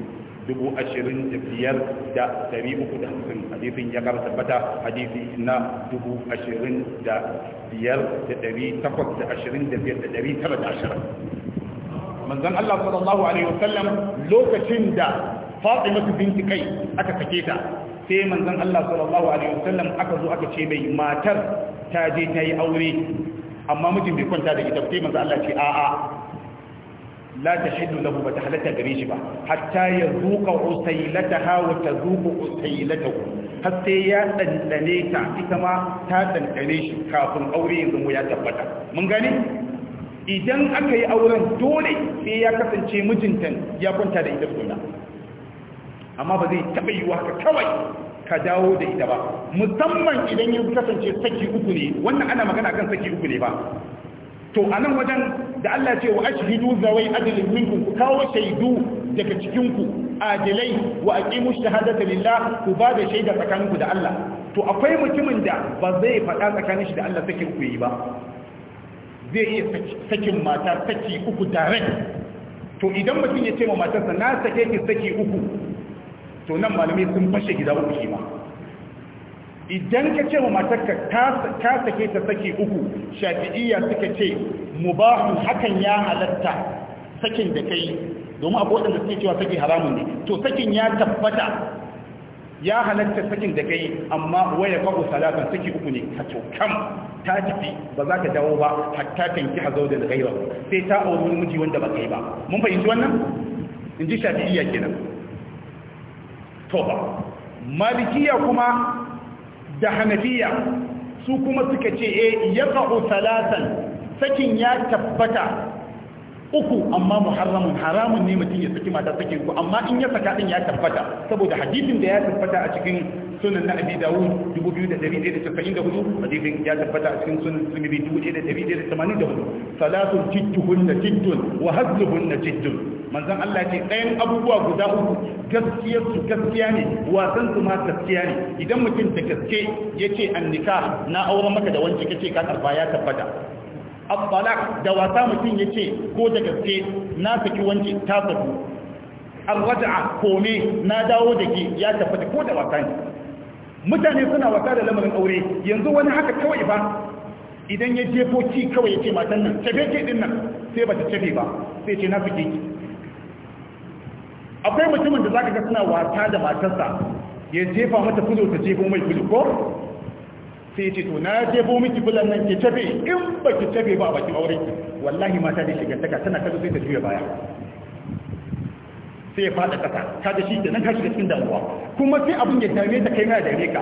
dubu ashirin da biyar da dari uku da hamsin hadisin ya kara tabbata hadisi na dubu ashirin da biyar da dari takwas da ashirin da biyar da dari tara da ashirin manzon Allah sallallahu alaihi wasallam lokacin da Fatima binti kai aka kake ta sai manzon Allah sallallahu alaihi wasallam aka zo aka ce mai matar ta je ta yi aure amma mijin bai kwanta da ita sai manzon Allah ce a'a Lata tahillu lahu ba ta halatta gare shi ba hatta ya zuka usailataha wa tazuku usailatahu har sai ya dandane ta ita ma ta dandane shi kafin aure ya ya tabbata mun gane idan aka yi auren dole sai ya kasance mijinta ya kwanta da ita suna amma ba zai taɓa yiwuwa ka kawai ka dawo da ita ba musamman idan ya kasance saki uku ne wannan ana magana kan saki uku ne ba to a nan wajen da Allah ce wa hidu zawai adlin minkum ku kawo shaidu daga cikin ku adilai wa aqimu shahadata lillah ku ba da shaida tsakaninku da Allah to akwai mutumin da ba zai faɗa tsakanin shi da Allah sakin ku yi ba zai iya sakin mata saki uku tare to idan mutum ya ce ma matarsa na sake ki saki uku to nan malamai sun fashe gida uku shi ma idan ka ce wa matarka ka sake ta sake uku shafi'iyya suka ce mubahun hakan ya halatta sakin da kai domin abu suke cewa sake haramun ne to sakin ya tabbata ya halatta sakin da kai amma waya faɗo salatan saki uku ne ka kam ta tafi ba za ka dawo ba hatta tanki hazo da gairar sai ta auri miji wanda ba kai ba mun fahimci wannan in ji shafi'iyya kenan to ba malikiya kuma da hanafiya su kuma suka ce e eh, ya ƙa'u talatan sakin ya tabbata uku amma muharramun haramun ne mutum ya saki mata saki ku amma in ya saka din ya tabbata saboda hadisin da ya tabbata a cikin sunan na Abi Dawud 2194 hadisin ya tabbata a cikin sunan Tirmidhi 1184 salatu jidduhunna jiddun wa hadluhunna jiddun manzon Allah ce ɗayan abubuwa guda uku gaskiyar su gaskiya ne wasan su ma gaskiya ne idan mutum da gaske ya ce an nika na aure maka da wancan kace ka karba ya tabbata abbalak da wasa mutum ya ce ko da gaske na saki wancan ta saku arwaja kome na dawo da ke ya tabbata ko da wasa ne mutane suna wasa da lamarin aure yanzu wani haka kawai ba idan ya jefo ci kawai ya ce matan nan tafe ke din nan sai ba ta tafe ba sai ce na fi ki akwai mutumin da za ka ga suna wata da matarsa ya jefa mata fulo ta jefo mai fulo ko sai ce to na jefo miki fulon nan ke tafe in ba ki tafe ba a bakin aure wallahi mata da shigar daga tana kasu sai ta juya baya sai ya fada kasa ka da shi nan ka shiga cikin damuwa kuma sai abin ya dame ta kai na da reka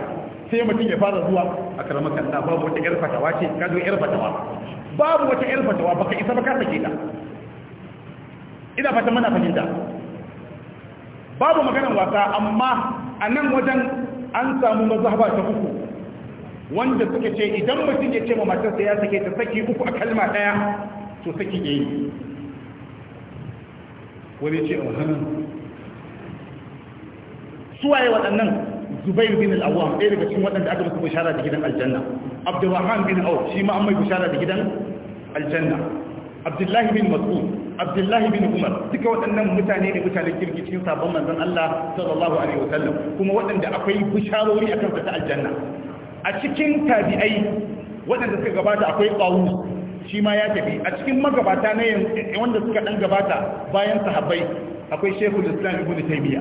sai mutum ya fara zuwa a karamar kanta babu wata yar fatawa ce ka zo yar fatawa babu wata yar fatawa baka isa ba ka sake ta ina fata mana fahimta babu maganan wasa amma a nan wajen an samu mazhaba ta uku wanda suka ce idan mutum ya ce ma matarsa ya sake ta saki uku a kalma daya to saki ya yi wani ce a suwaye waɗannan Zubairu bin al'awam ɗaya daga cikin waɗanda aka musu bishara da gidan aljanna abdurrahman bin auf shi ma an bishara da gidan aljanna abdullahi bin mas'ud abdullahi bin umar duka waɗannan mutane ne mutane, kirki cikin sabon manzon Allah sallallahu alaihi wasallam kuma waɗanda akwai bisharori akan ta aljanna a cikin tabi'ai waɗanda suka gabata akwai qawu shi ma ya tafi a cikin magabata na yanzu, wanda suka dan gabata bayan sahabbai akwai shekul islam ibnu taymiya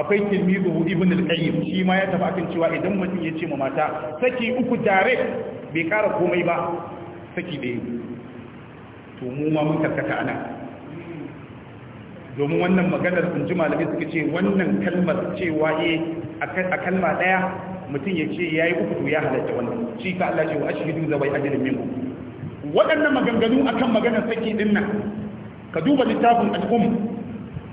akwai tilmizu ibn al-qayyim shi ma ya tafi akan cewa idan mutum ya ce ma mata saki uku direct bai kara komai ba saki ɗaya to mu ma mun karkata ana domin wannan maganar sun ji malamai suka ce wannan kalmar cewa ye eh, a kalma daya mutum ya ce ya yi uku to ya halatta wannan shi ka Allah ce wa ashhadu za wai ajalin minku waɗannan maganganu akan maganar saki din nan ka duba littafin al-um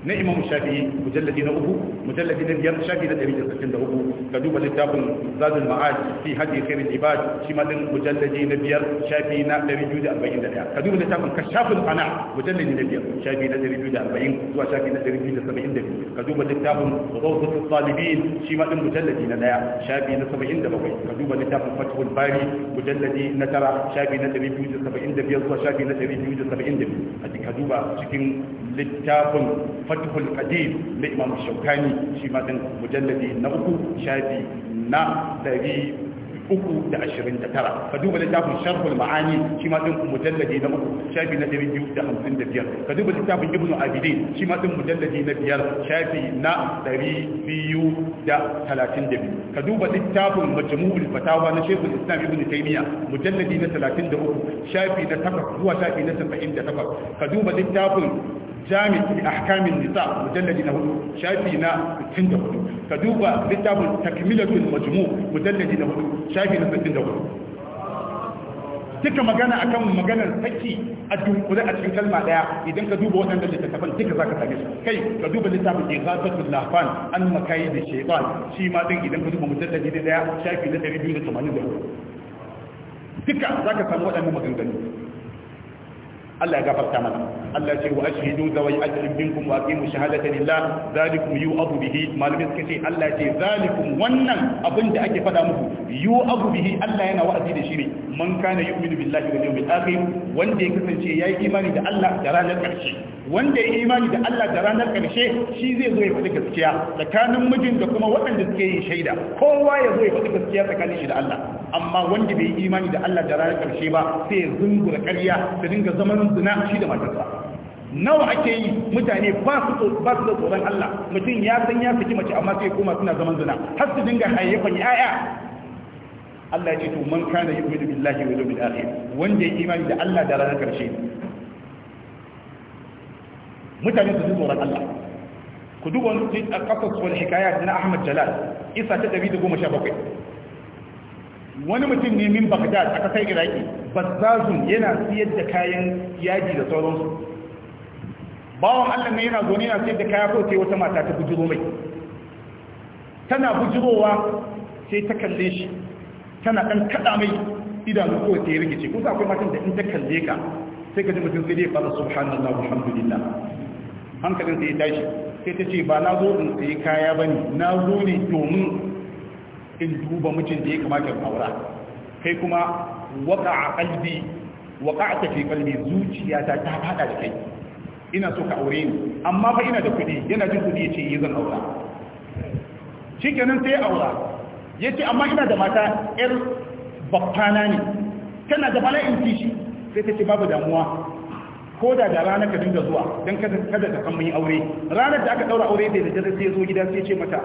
na imam shafi'i mujalladi na uku mujalladi na biyar shafi na ɗari da sittin da uku ka duba littafin zadul ma'ad fi hadi khair ibad shi ma din mujalladi na biyar shafi na ɗari biyu da arba'in da ɗaya ka duba littafin kashafin ana mujalladi na biyar shafi na ɗari biyu da arba'in zuwa shafi na ɗari biyu da saba'in da biyu ka duba littafin rawdatul talibin shi ma ɗin mujalladi na ɗaya shafi na saba'in da bakwai ka duba littafin fathul bari mujalladi na tara shafi na ɗari biyu da saba'in da biyar zuwa shafi na ɗari biyu da saba'in da biyu a cikin duba cikin littafin fathul fathul ma dan ka duba littafin sharhul ma'ani shi ma din mujalladi na uku shafi na dari biyu da hamsin da biyar ka duba littafin ibnu abidin shi ma din mujalladi na biyar shafi na dari biyu da talatin da biyu ka duba littafin majmu'ul fatawa na shekul islam ibnu taymiya mujalladi na talatin da uku shafi na littafin jami fi ahkamin nisa mujalladi na hudu shafi na 64 ka duba littafin takmilatul majmu mujalladi na hudu shafi na 64 duka magana akan maganar saki a dunkule a cikin kalma daya idan ka duba waɗanda littattafan duka zaka sami su kai ka duba littafin igazatul lafan an makai da shi ma din idan ka duba mujalladi na daya shafi na duka samu waɗannan maganganu Allah ya gafarta mana Allah ce wa ashhidu zawai ajrin minkum wa aqimu shahadata lillah zalikum yu'adhu bihi malami suka ce Allah ce zalikum wannan abin da ake faɗa muku yu'adhu bihi Allah yana wa'azi da shi ne man kana yu'minu billahi wal yawmil akhir wanda ya kasance yayi imani da Allah da ranar karshe wanda ya imani da Allah da ranar karshe shi zai zo ya faɗi gaskiya tsakanin mijin da kuma waɗanda suke yin shaida kowa ya zo ya faɗi gaskiya tsakanin shi da Allah amma wanda bai imani da Allah da ranar ƙarshe ba sai zungura ƙarya da dinga zaman zina shi da matarsa nawa ake yi mutane ba su da tsoron Allah mutum ya san ya saki mace amma sai koma suna zaman zina har su dinga hayyafan yaya Allah ya ce to man kana yu'minu billahi wal yawmil akhir wanda ya imani da Allah da ranar ƙarshe, mutane su tsoron Allah ku duba wani kasas wani hikaya na Ahmad Jalal isa ta 117 wani mutum ne min bagdad a kasar iraki bazazun yana siyar da kayan yaji da sauransu bawan allah ne yana zaune yana siyar da kaya ko wata mata ta bujiro mai tana bujirowa sai ta kalle shi tana ɗan kaɗa mai idanu ko ya rikice kusa akwai matan da in ta kalle ka sai ka ji mutum sai dai fara subhanallah walhamdulillah hankalin sai ya tashi sai ta ce ba na zo in sayi kaya bane na zo ne domin in duba mutum da ya kamata in aura kai kuma waka a kalbi waka a tafi kalbi zuciyata ta fada da kai ina so ka aure ni amma fa ina da kudi yana jin kudi ya ce yi eh zan aura shi kenan sai aura ya ce amma ina da mata yar babbana ne tana da bala'in kishi sai ta ce babu damuwa ko da da ranar ka dinga zuwa don kada ta san mun aure ranar da aka daura aure da da dare sai zo gida sai ce mata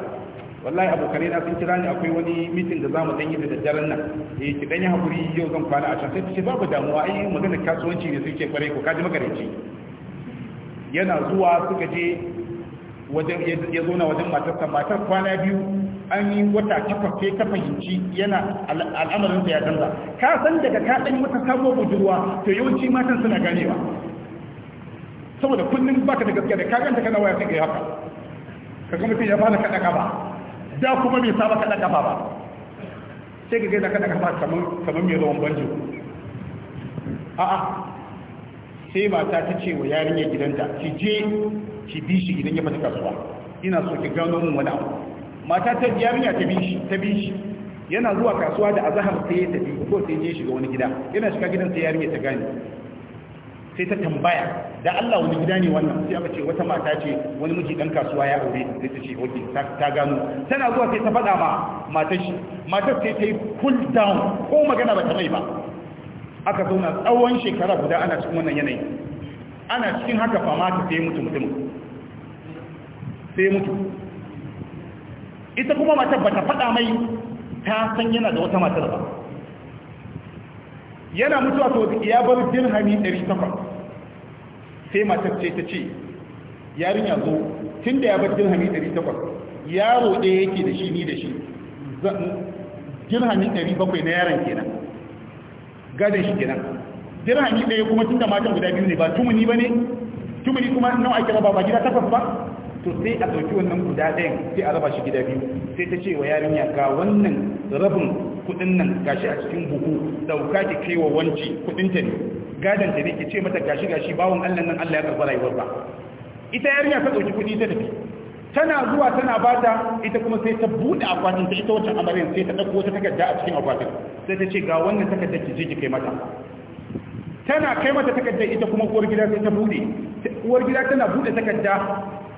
wallahi abokanai na sun kira ni akwai wani mitin da zamu dan yi da daddaren nan eh ki dan yi hakuri yau zan kwana a can sai ce babu damuwa ai magana kasuwanci ne suke kware ko kaji magareci yana zuwa suka je wajen ya zo na wajen matarsa matar kwana biyu an yi wata kafafe ta fahimci yana al'amarinsa ya canza ka san daga ka dan mata sabuwar budurwa to yawanci matan suna ganewa saboda kullum baka da gaskiya da ka ganta kana waya kai haka kaga mutum ya fara kada ba da kuma bai saba kada kafa ba sai ka gaida kada kafa kamar kamar mai rawan banjo a'a sai mata ta ce wa yarinya gidanta ki je ki bi shi idan ya fita kasuwa ina so ki gano mun wani abu mata ta yarinya ta bi shi ta bi shi yana zuwa kasuwa da azahar sai ya tafi ko sai je shiga wani gida yana shiga gidan sai yarinya ta gane sai ta tambaya da Allah wani gida ne wannan sai aka ce wata mata ce wani miji dan kasuwa ya aure sai ta ce oke ta gano tana zuwa sai ta faɗa ma matar shi matar sai ta yi cool down ko magana ba ta mai ba aka zauna tsawon shekara guda ana cikin wannan yanayi ana cikin haka fama ta sai mutu mutum sai mutu ita kuma matar ba ta faɗa mai ta san yana da wata matar ba yana mutuwa to ya bar dirhami 800 sai matar ce ta ce yarin ya zo tun da ya bar dirhami 800 yaro ɗaya yake da shi ni da shi dirhami 700 na yaron kenan gadon shi kenan dirhami ɗaya kuma tun da matan guda biyu ne ba tumuni ba ne tumuni kuma nawa ake raba ba gida takwas ba to sai a ɗauki wannan guda ɗayan sai a raba shi gida biyu sai ta ce wa yarinya ga wannan rabin kudin nan gashi a cikin buhu dauka ki kaiwa wanci kudin ta ne gadan ta ne ki ce mata gashi gashi bawon Allah nan Allah ya karba rayuwar ba ita yarinya ta dauki kudi ta tafi tana zuwa tana bata ita kuma sai ta bude akwatin ta ita wancan amaryar sai ta dauko wata takarda a cikin akwatin sai ta ce ga wannan takardar ki je ki kai mata tana kai mata takardar ita kuma uwar gida sai ta bude uwar gida tana bude takarda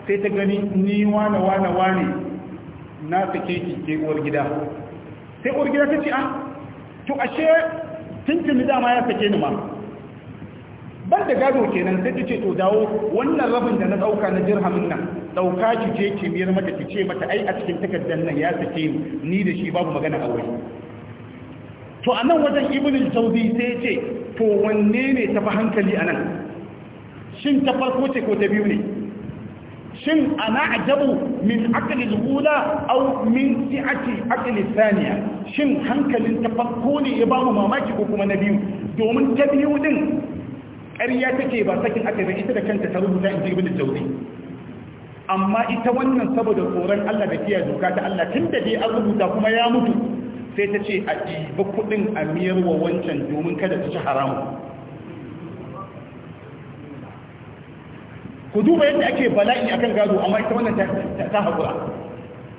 sai ta gani ni wane wane wane na take ki ke uwar gida sai ƙorgina ta ce a ah, to ashe tuntuni dama ya sake ni ma ban da gado kenan sai ce to dawo wannan rabin da na ɗauka na dirhamin nan ɗauka ki je ki biyar mata ki ce mata ai a cikin takardar nan ya sake ni ni da shi babu magana aure to a nan wajen ibn al-jawzi sai ce to wanne ne tafi hankali a nan shin ta farko ce ko ta biyu ne shin ana ajabu min aqli hula ula aw min fi'ati aqli saniya, shin hankalin ta farko ne ya ba mu mamaki ko kuma na biyu domin ta biyu din ƙarya take ba sakin aka ita da kanta ta rubuta in jirgin da amma ita wannan saboda tsoron Allah da kiyaye doka ta Allah tun da dai an rubuta kuma ya mutu sai ta ce a ɗiba kuɗin a miyar wa wancan domin kada ta ci haramu ku duba yadda ake bala'i akan gado amma ita wannan ta haƙura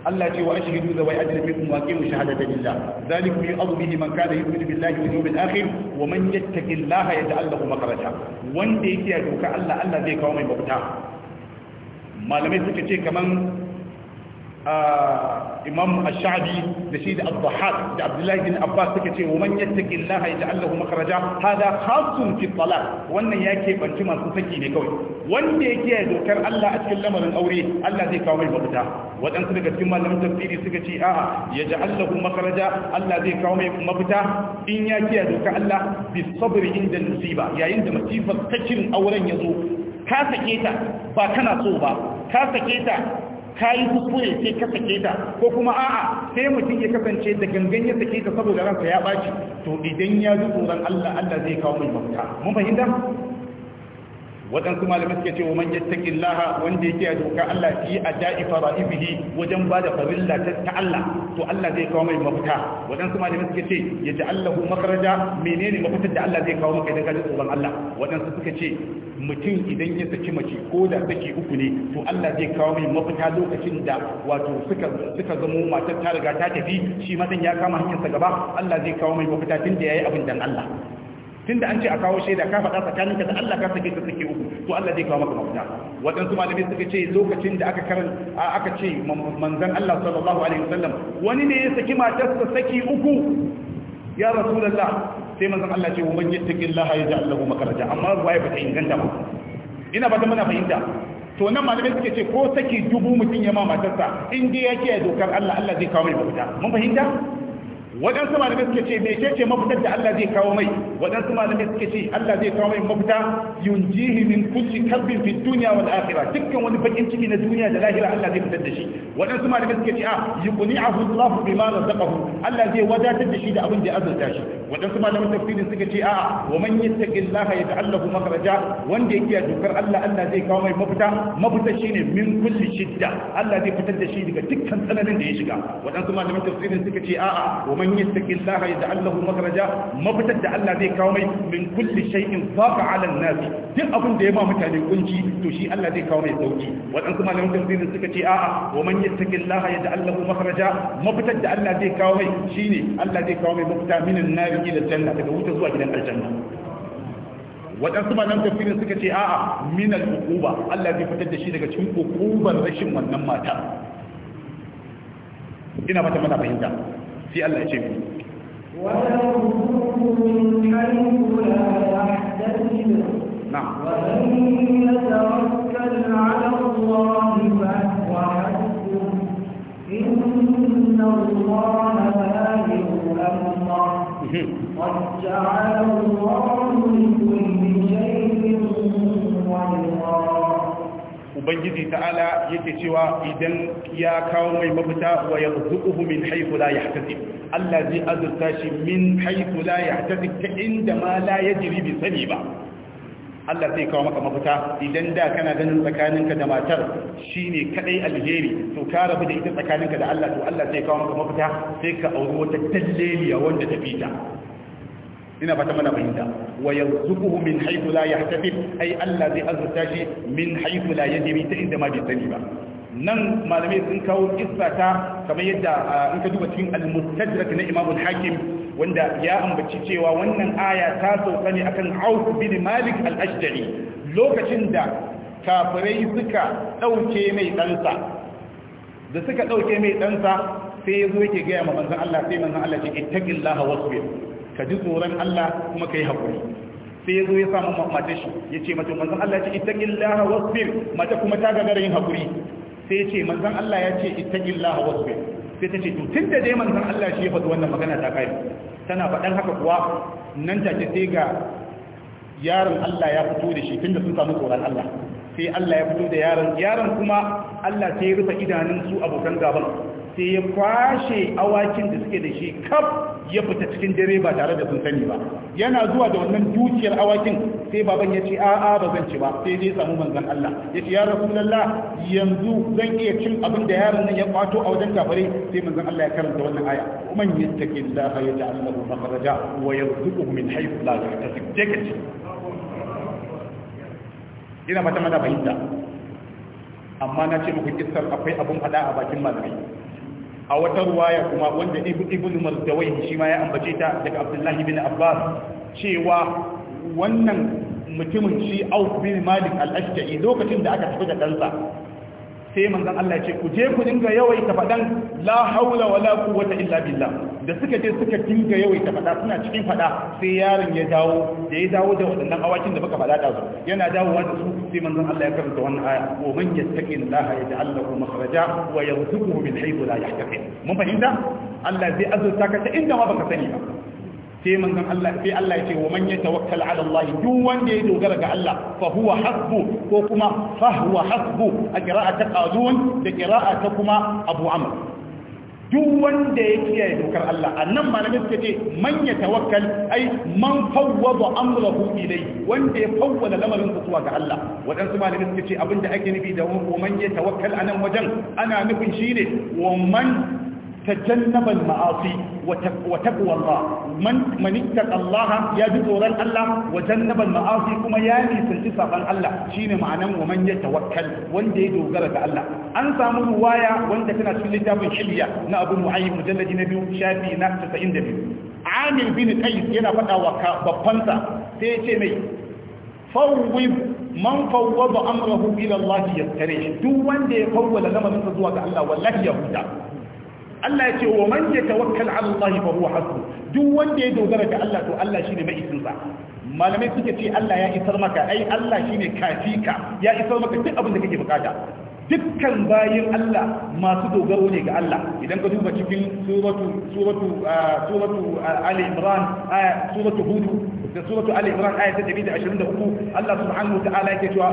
Allah ce wa ashhadu da wai ajra minkum wa aqimu shahadata lillah zalikum yu'adhu bihi man kana yu'minu billahi wal yawmil akhir wa man yattaqillaha yaj'al lahu makhraja wanda yake ya doka Allah Allah zai kawo mai bauta. malamai suka ce kaman imam ash da shi da Abdullahi da abdullahi bin abbas suka ce wa man yattaqillaha yaj'al lahu makhraja hada khassun fi talaq wannan yake banci masu saki ne kawai wanda yake dokar Allah a cikin lamarin aure Allah zai kawo mai mafita wadansu daga cikin malamin tafsiri suka ce a'a yaj'al lahu makhraja Allah zai kawo mai mafita in ya kiyaye dokar Allah bi sabri inda musiba yayin da masifar sakin auren yazo ka sake ta ba kana so ba ka sake ta Ka yi kukure sai ka sake ta ko kuma a'a sai mutum ya kasance da gangan ya sake ta saboda ranka ya ɓaci to idan ya ji tsoron Allah Allah zai kawo mai mafita mun fahimta waɗansu malamai suke cewa man yattaqillaha wanda yake doka Allah fi adai fara'ibihi wajen ba da farilla ta Allah to Allah zai kawo mai mafita waɗansu malamai suke ce ya ja'allahu makaraja menene mafitar da Allah zai kawo maka idan ka ji tsoron Allah waɗansu suka ce mutum idan ya saki mace ko da saki uku ne to Allah zai kawo mai mafita lokacin da wato suka suka zamo matar ta riga ta tafi shi ma ya kama hanyarsa gaba Allah zai kawo mai mafita tun da yayi abin dan Allah tunda an ce a kawo shaida ka faɗa tsakaninka da Allah ka sake ka sake uku to Allah zai kawo maka mafita waɗansu malamai suka ce lokacin da aka karan aka ce manzon Allah sallallahu alaihi wasallam wani ne ya saki matarsa saki uku ya rasulullah sai manzon Allah ce wa man yattaqillaha yaj'al lahu makhraja amma ruwaya bata inganta ba ina ba ta muna fahimta to nan malamai suke ce ko saki dubu mutum ya ma matarsa in dai ya kiyaye dokar Allah Allah zai kawo mai mafita mun fahimta waɗansu malamai suka ce me ce mafitar da Allah zai kawo mai waɗansu malamai suka ce Allah zai kawo mai mafita yunjihi min kulli kalbin fi dunya wal akhirah dukkan wani bakin ciki na duniya da lahira Allah zai fitar da shi waɗansu malamai suka ce a ah, yuqni'ahu Allah bima razaqahu Allah zai wadatar da shi da abin da ya azurta shi waɗansu malamai tafsiri suka ce a wa man yattaqillaha yata'allahu makhraja wanda yake dokar Allah Allah zai kawo mai mafita mafita shine min kulli shidda Allah zai fitar da shi daga dukkan tsananin da ya shiga waɗansu malamai tafsirin suka ce a wa man yattaqi Allah yaj'al lahu makhraja mafitar da Allah zai kawo mai min kulli shay'in faqa 'ala an-nas duk abin da ya ba mutane kunci to shi Allah zai kawo mai sauki wadansu malaman tafsirin suka ce a'a wa man yattaqi Allah yaj'al lahu makhraja mafitar da Allah zai kawo mai shine Allah zai kawo mai mafita min an-nar ila janna daga wuta zuwa gidan aljanna waɗansu malam tafsirin suka ce a'a min al Allah zai fitar da shi daga cikin uquban rashin wannan mata ina fata mana fahimta في لا نعم يتوكل على الله شيء وَجَعَلَ إن الله قد جعل الله لكل شيء قدرا ubangiji ta'ala yake cewa idan ya kawo mai mafita wa yarzuquhu min haythu la yahtasib Allah zai azurta shi min haythu la yahtasib ta inda ma la yajri bi sani ba Allah sai kawo maka mafita idan da kana ganin tsakaninka da matar shine kadai alheri to ka rabu da ita tsakaninka da Allah to Allah sai kawo maka mafita sai ka auri wata talleliya wanda ta fita ina fata mana fahimta wa yarzuquhu min haythu la yahtasib ai Allah zai azurta shi min haythu la yajri ta inda ma bi sani ba nan malamai sun kawo kissa ta kamar yadda ah, in ka duba cikin al-mustadrak na Imam al-Hakim wanda ya ambaci cewa wannan aya ta sauka ne akan Auf bin Malik al-Ashja'i lokacin da kafirai suka dauke mai ɗansa da suka dauke mai ɗansa sai yazo yake gaya ma manzon Allah sai manzon Allah ce ittaqillaha wasbir ka ji tsoron Allah kuma ka yi haƙuri sai ya zo ya samu mata shi ya ce mata manzan Allah ce ita ittaqillaha wasbir mata kuma ta gagara yin haƙuri sai ya ce manzan Allah ya ce ita ittaqillaha wasbir sai ta ce to tun da dai manzan Allah shi ya faɗi wannan magana ta kai tana faɗan haka kuwa nan take sai ga yaron Allah ya fito da shi tun da sun samu tsoron Allah sai Allah ya fito da yaron yaron kuma Allah sai ya rufe idanun su abokan gaban sai ya kwashe awakin da suke da shi kaf ya fita cikin dare ba tare da sun sani ba yana zuwa da wannan dukiyar awakin sai baban ya ce a'a ba zan ci ba sai dai samu manzon Allah ya ce ya rasulullah yanzu zan iya cin abin da yaron nan ya kwato a wajen kafare sai manzon Allah ya karanta wannan aya man yattaqillaha yaj'al lahu makhraja wa yarzuquhu min haythu la yahtasib dake ina mata mana fahimta amma na ce muku kissar akwai abun fada a bakin malamai a wata ruwaya kuma wanda ibn mazdawai shi ma ya ambace ta daga abdullahi bin abbas cewa wannan mutumin shi auf bin malik al-ashja'i lokacin da aka tafi da ɗansa sai manzon Allah ce ku je ku dinga yawaita fadan la haula wala quwwata illa billah da suka je suka dinga yawaita fada suna cikin fada sai yaron ya dawo da ya dawo da wadannan awakin da baka fada da su yana dawowa da su sai manzon Allah ya karanta wannan aya wa man yattaqillaha yaj'al lahu makhraja wa yarzuquhu min haythu la yahtasib mun fahimta Allah zai azurta ka ta inda ma baka sani ba sai manzon Allah sai Allah yake wa manya tawakkal ala Allah duk wanda ya dogara ga Allah fa huwa hasbu ko kuma fa huwa hasbu a ta qadun da ta kuma Abu Amr duk wanda ya kiyaye dokar Allah annan malamin suka ce manya tawakkal ai man fawwada amrahu ilayhi wanda ya fawwala lamarin sa zuwa ga Allah wadansu malamin suka ce abinda ake nufi da wa man yatawakkal anan wajen ana nufin shine wa man تجنب المعاصي وتقوى الله من من اتقى الله يا kuma الله وجنب المعاصي كما يعني سنتي سابان الله شيني معنى ومن يتوكل وند يدوغر ga Allah an samu ruwaya wanda tana cin littafin Hilya na Abu Nu'aym mujalladi na biyu shafi na 92 Amir bin Qais yana faɗawa wa babbansa sai ya ce mai fawwid man fawwada amrahu ila Allah yastare duk wanda ya fawwala lamarinsa zuwa ga Allah wallahi ya huta Allah ya ce wa man ya tawakkal ala Allah fa huwa hasbu duk wanda ya dogara ga Allah to Allah shine mai isinsa malamai suke ce Allah ya isar maka ai Allah shine kafika ya isar maka duk abin da kake bukata dukkan bayin Allah masu dogaro ne ga Allah idan ka duba cikin suratu suratu ah, suratu ah, Ali Imran aya ah, suratu Hud da suratu Ali Imran aya ta Allah subhanahu wa ta'ala yake cewa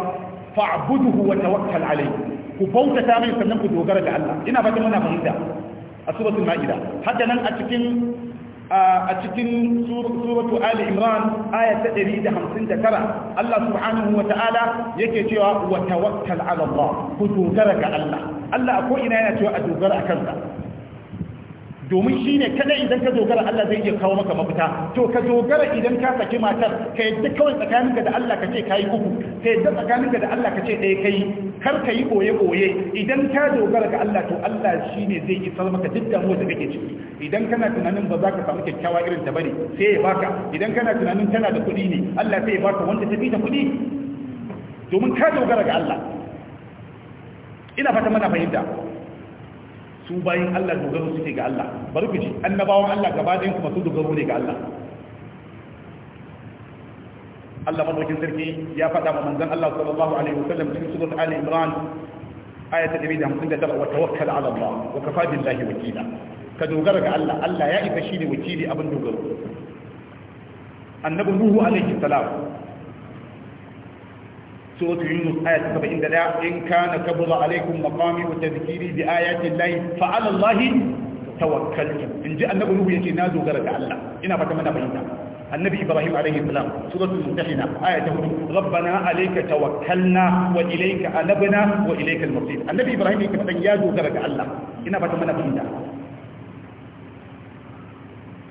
fa'budhu wa tawakkal alayhi ku bautata mai sannan ku dogara ga Allah ina fatan muna fahimta a suratul ma'ida haka nan a cikin a cikin suratu ali imran aya ta 159 Allah subhanahu wata'ala ta'ala yake cewa wa tawakkal ala Allah ku dogara ga Allah Allah a ko ina yana cewa a dogara akansa domin shi ne kada idan ka dogara Allah zai iya kawo maka mafita to ka dogara idan ka saki matar ka yadda kawai tsakaninka da Allah ka ce ka yi kuku ka yadda tsakaninka da Allah ka ce ɗaya ka yi kar ka yi ɓoye-ɓoye idan ka dogara ga Allah to Allah shi ne zai isar maka duk damuwar da kake ciki idan kana tunanin ba za ka samu kyakkyawa irin ta bane sai ya baka idan kana tunanin tana da kuɗi ne Allah sai ya baka wanda ta fi ta kuɗi domin ka dogara ga Allah ina fata mana fahimta su bayin Allah dogaro suke ga Allah bari ku ji annabawan Allah gaba ɗayan kuma su dogaro ne ga Allah Allah madaukin sarki ya faɗa wa manzon Allah sallallahu alaihi wasallam cikin surat Ali Imran aya ta 159 wa tawakkal ala Allah wa kafa billahi wakila ka dogara ga Allah Allah ya isa shi ne wakili abin dogaro annabi Nuhu alaihi salam سورة يونس آية 71 إن كان كبر عليكم مقامي وتذكيري بآيات الله فعلى الله توكلت إن جاء النبي نوح يتي نادو غرق الله إنا فتمنى بيننا النبي إبراهيم عليه السلام سورة الممتحنة آية ربنا عليك توكلنا وإليك أنبنا وإليك المصير النبي إبراهيم يتي نادو غرق الله إنا فتمنى بيننا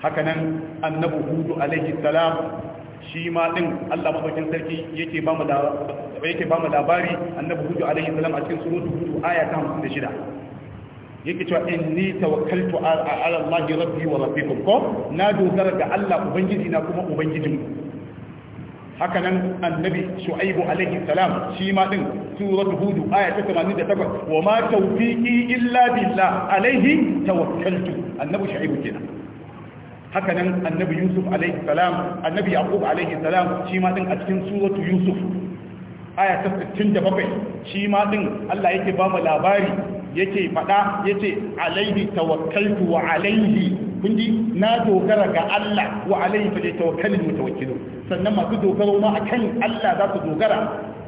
hakanan annabi hudu alaihi salam shi ma din Allah madaukin sarki yake ba mu yake ba mu labari annabi hudu alaihi salam a cikin surutu hudu aya ta hamsin da shida. yake cewa inni tawakkaltu ala Allah rabbi wa rabbikum ko na dogara ga Allah ubangiji na kuma ubangijinku haka nan annabi shu'aibu alaihi salam shi ma din suratu hudu aya ta 88 wa ma tawfiqi illa billah alaihi tawakkaltu annabi shu'aibu kenan haka nan annabi yusuf alaihi salam annabi yaqub alaihi salam shi ma din a cikin suratu yusuf aya ta 67 shi ma din Allah yake ba mu labari yake fada yace alaihi tawakkaltu wa alaihi ji na dogara ga Allah wa alaihi fa tawakkalul mutawakkilun sannan masu dogaro ma akan Allah za su dogara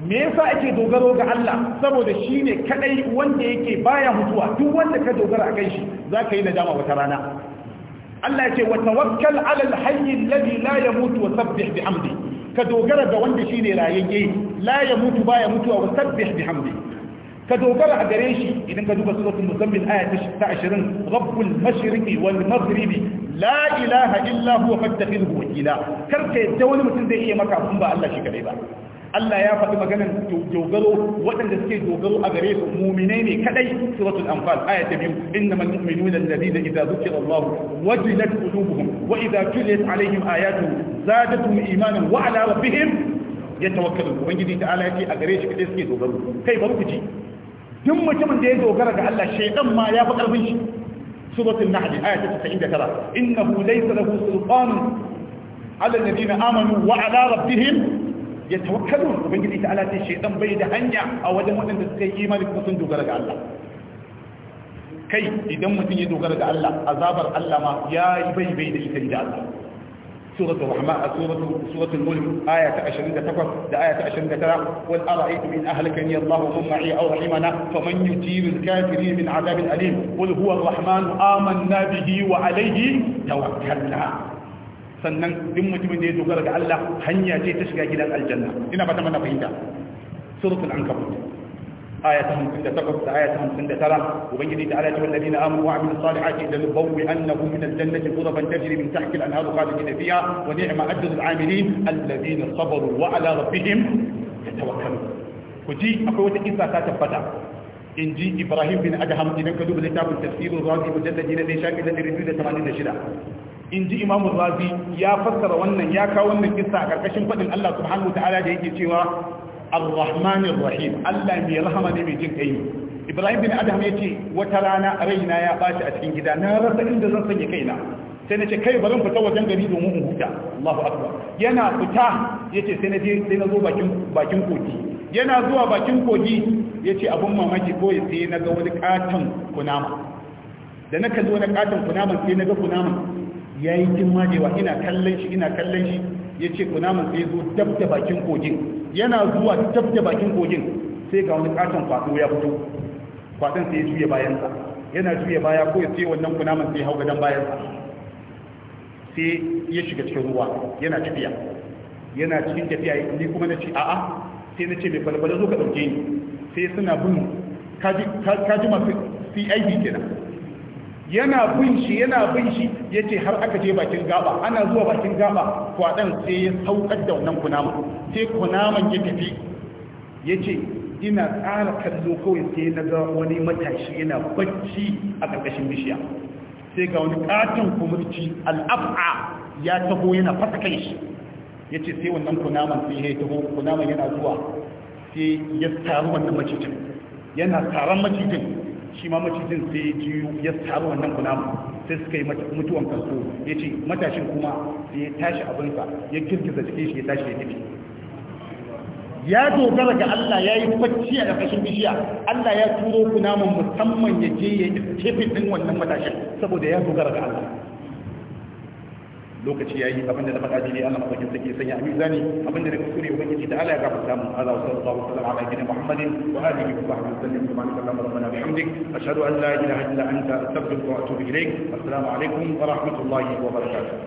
me yasa ake dogaro ga Allah saboda shi ne kadai wanda yake baya mutuwa duk wanda ka dogara akan shi zaka yi nadama wata rana Allah ya ce wa tawakkal ala al-hayy alladhi la yamutu wa sabbih bihamdi ka dogara ga wanda shine rayayye la mutu baya mutuwa wa sabbih bihamdi ka dogara a gare shi idan ka duba suratul muzammil aya ta 20 rabbul mashriqi wal maghribi la ilaha illa huwa fattakhidhu wakila karka yadda wani mutum zai iya maka kun ba Allah shi kadai ba Allah ya faɗi maganar dogaro waɗanda suke dogaro a gare su mu'minai ne kadai suratul anfal aya ta biyu innamal mu'minuna alladhina idza dhukira Allah wajilat qulubuhum wa idza tuliyat alaihim ayatuhu zadatuhum imanan wa ala rabbihim yatawakkalun ubangiji ta ala yake a gare shi kadai suke dogaro kai ba ku ji duk mutumin da ya dogara ga Allah shaytan ma ya fi karfin shi suratul nahl aya ta 99 innahu laysa lahu sultanun على الذين آمنوا وعلى ربهم ya tawakkalu ubangiji ta ala sai dan bai da hanya a wajen waɗanda suka yi imani kuma sun dogara ga Allah kai idan mutum ya dogara ga Allah azabar Allah ma ya yi bai bai da ita da Allah سورة الرحمن سورة سورة الملك آية 28 آية 29 قل أرأيتم إن أهلكني الله ومن معي أو رحمنا فمن min الكافرين من عذاب أليم قل هو الرحمن bihi wa وعليه توكلنا sannan duk mutumin da ya dogara ga Allah hanya ce ta shiga gidan aljanna ina ba fata mana fahimta suratul ankabut aya ta 58 da aya ta 59 ubangiji ta alaji walladina amanu wa amilus salihati la nubawwi annahum min aljannati ghuraban tajri min tahtiha al-anharu khalidina fiha wa ni'ma ajru al-amilin alladhina sabaru wa ala rabbihim yatawakkalun ku ji akwai wata kissa ta tabbata in ji ibrahim bin adham idan ka duba littafin tafsirul razi mujalladi na 186 in ji imamu razi ya fassara wannan ya kawo wannan kisa a ƙarƙashin faɗin Allah subhanahu ta'ala da yake cewa ar-rahmanir rahim Allah mai rahama ne mai jin kai Ibrahim bin Adam ya ce wata rana raina ya bashi a cikin gida na rasa inda zan sanya kaina sai na ce kai bari fita wajen gari domin in huta Allahu akbar yana fita yace sai na je sai na zo bakin bakin kogi yana zuwa bakin kogi yace abun mamaki ko sai na ga wani katon kunama da na kalli na katon kunama sai na ga kunama ya yi kin majewa ina kallon shi ina kallon shi ya ce kunaman sai zo dab da bakin kogin yana zuwa dab da bakin kogin sai ga wani katon kwado ya fito kwadon sai ya juya bayansa yana juya baya ko ya sai wannan kunaman sai hau gadon bayansa sai ya shiga cikin ruwa yana tafiya yana cikin tafiya ni kuma na ce a'a sai na ce mai falfala zo ka ɗauke ni sai suna bin kaji masu cid kenan yana bin shi yana bin shi ya ce har aka je bakin gaba ana zuwa bakin gaba kwaɗan sai ya saukar da wannan kunama sai kunaman ya tafi ya ce ina tsara kallo kawai sai na ga wani matashi yana bacci a ƙarƙashin bishiya sai ga wani katon kumurci al'af'a ya taho yana fasa kai shi ya ce sai wannan kunaman sai ya taho kunaman yana zuwa sai ya taru wannan macijin yana taron macijin shi ma macijin sai jiyo ya tsaro wannan kunama sai suka yi mutuwan kansu ya ce matashin kuma sai ya tashi abinsa ya kirkisa cikin shi ya tashi ya tafi ya dogara ga Allah ya yi bacci a ƙarƙashin bishiya Allah ya turo kunaman musamman ya je ya tafi ɗin wannan matashin saboda ya dogara ga Allah lokaci ya yayi abinda na faɗa dai Allah madaukakin sarki sanya amin zani abinda na kuskure ubangiji ta Allah ya gafarta mu Allah sallallahu alaihi wa sallam ala nabiyina Muhammadin wa alihi wa sahbihi sallam subhanaka allahumma rabbana bihamdik ashhadu an la ilaha illa anta astaghfiruka wa atubu ilaik assalamu alaikum wa rahmatullahi wa barakatuh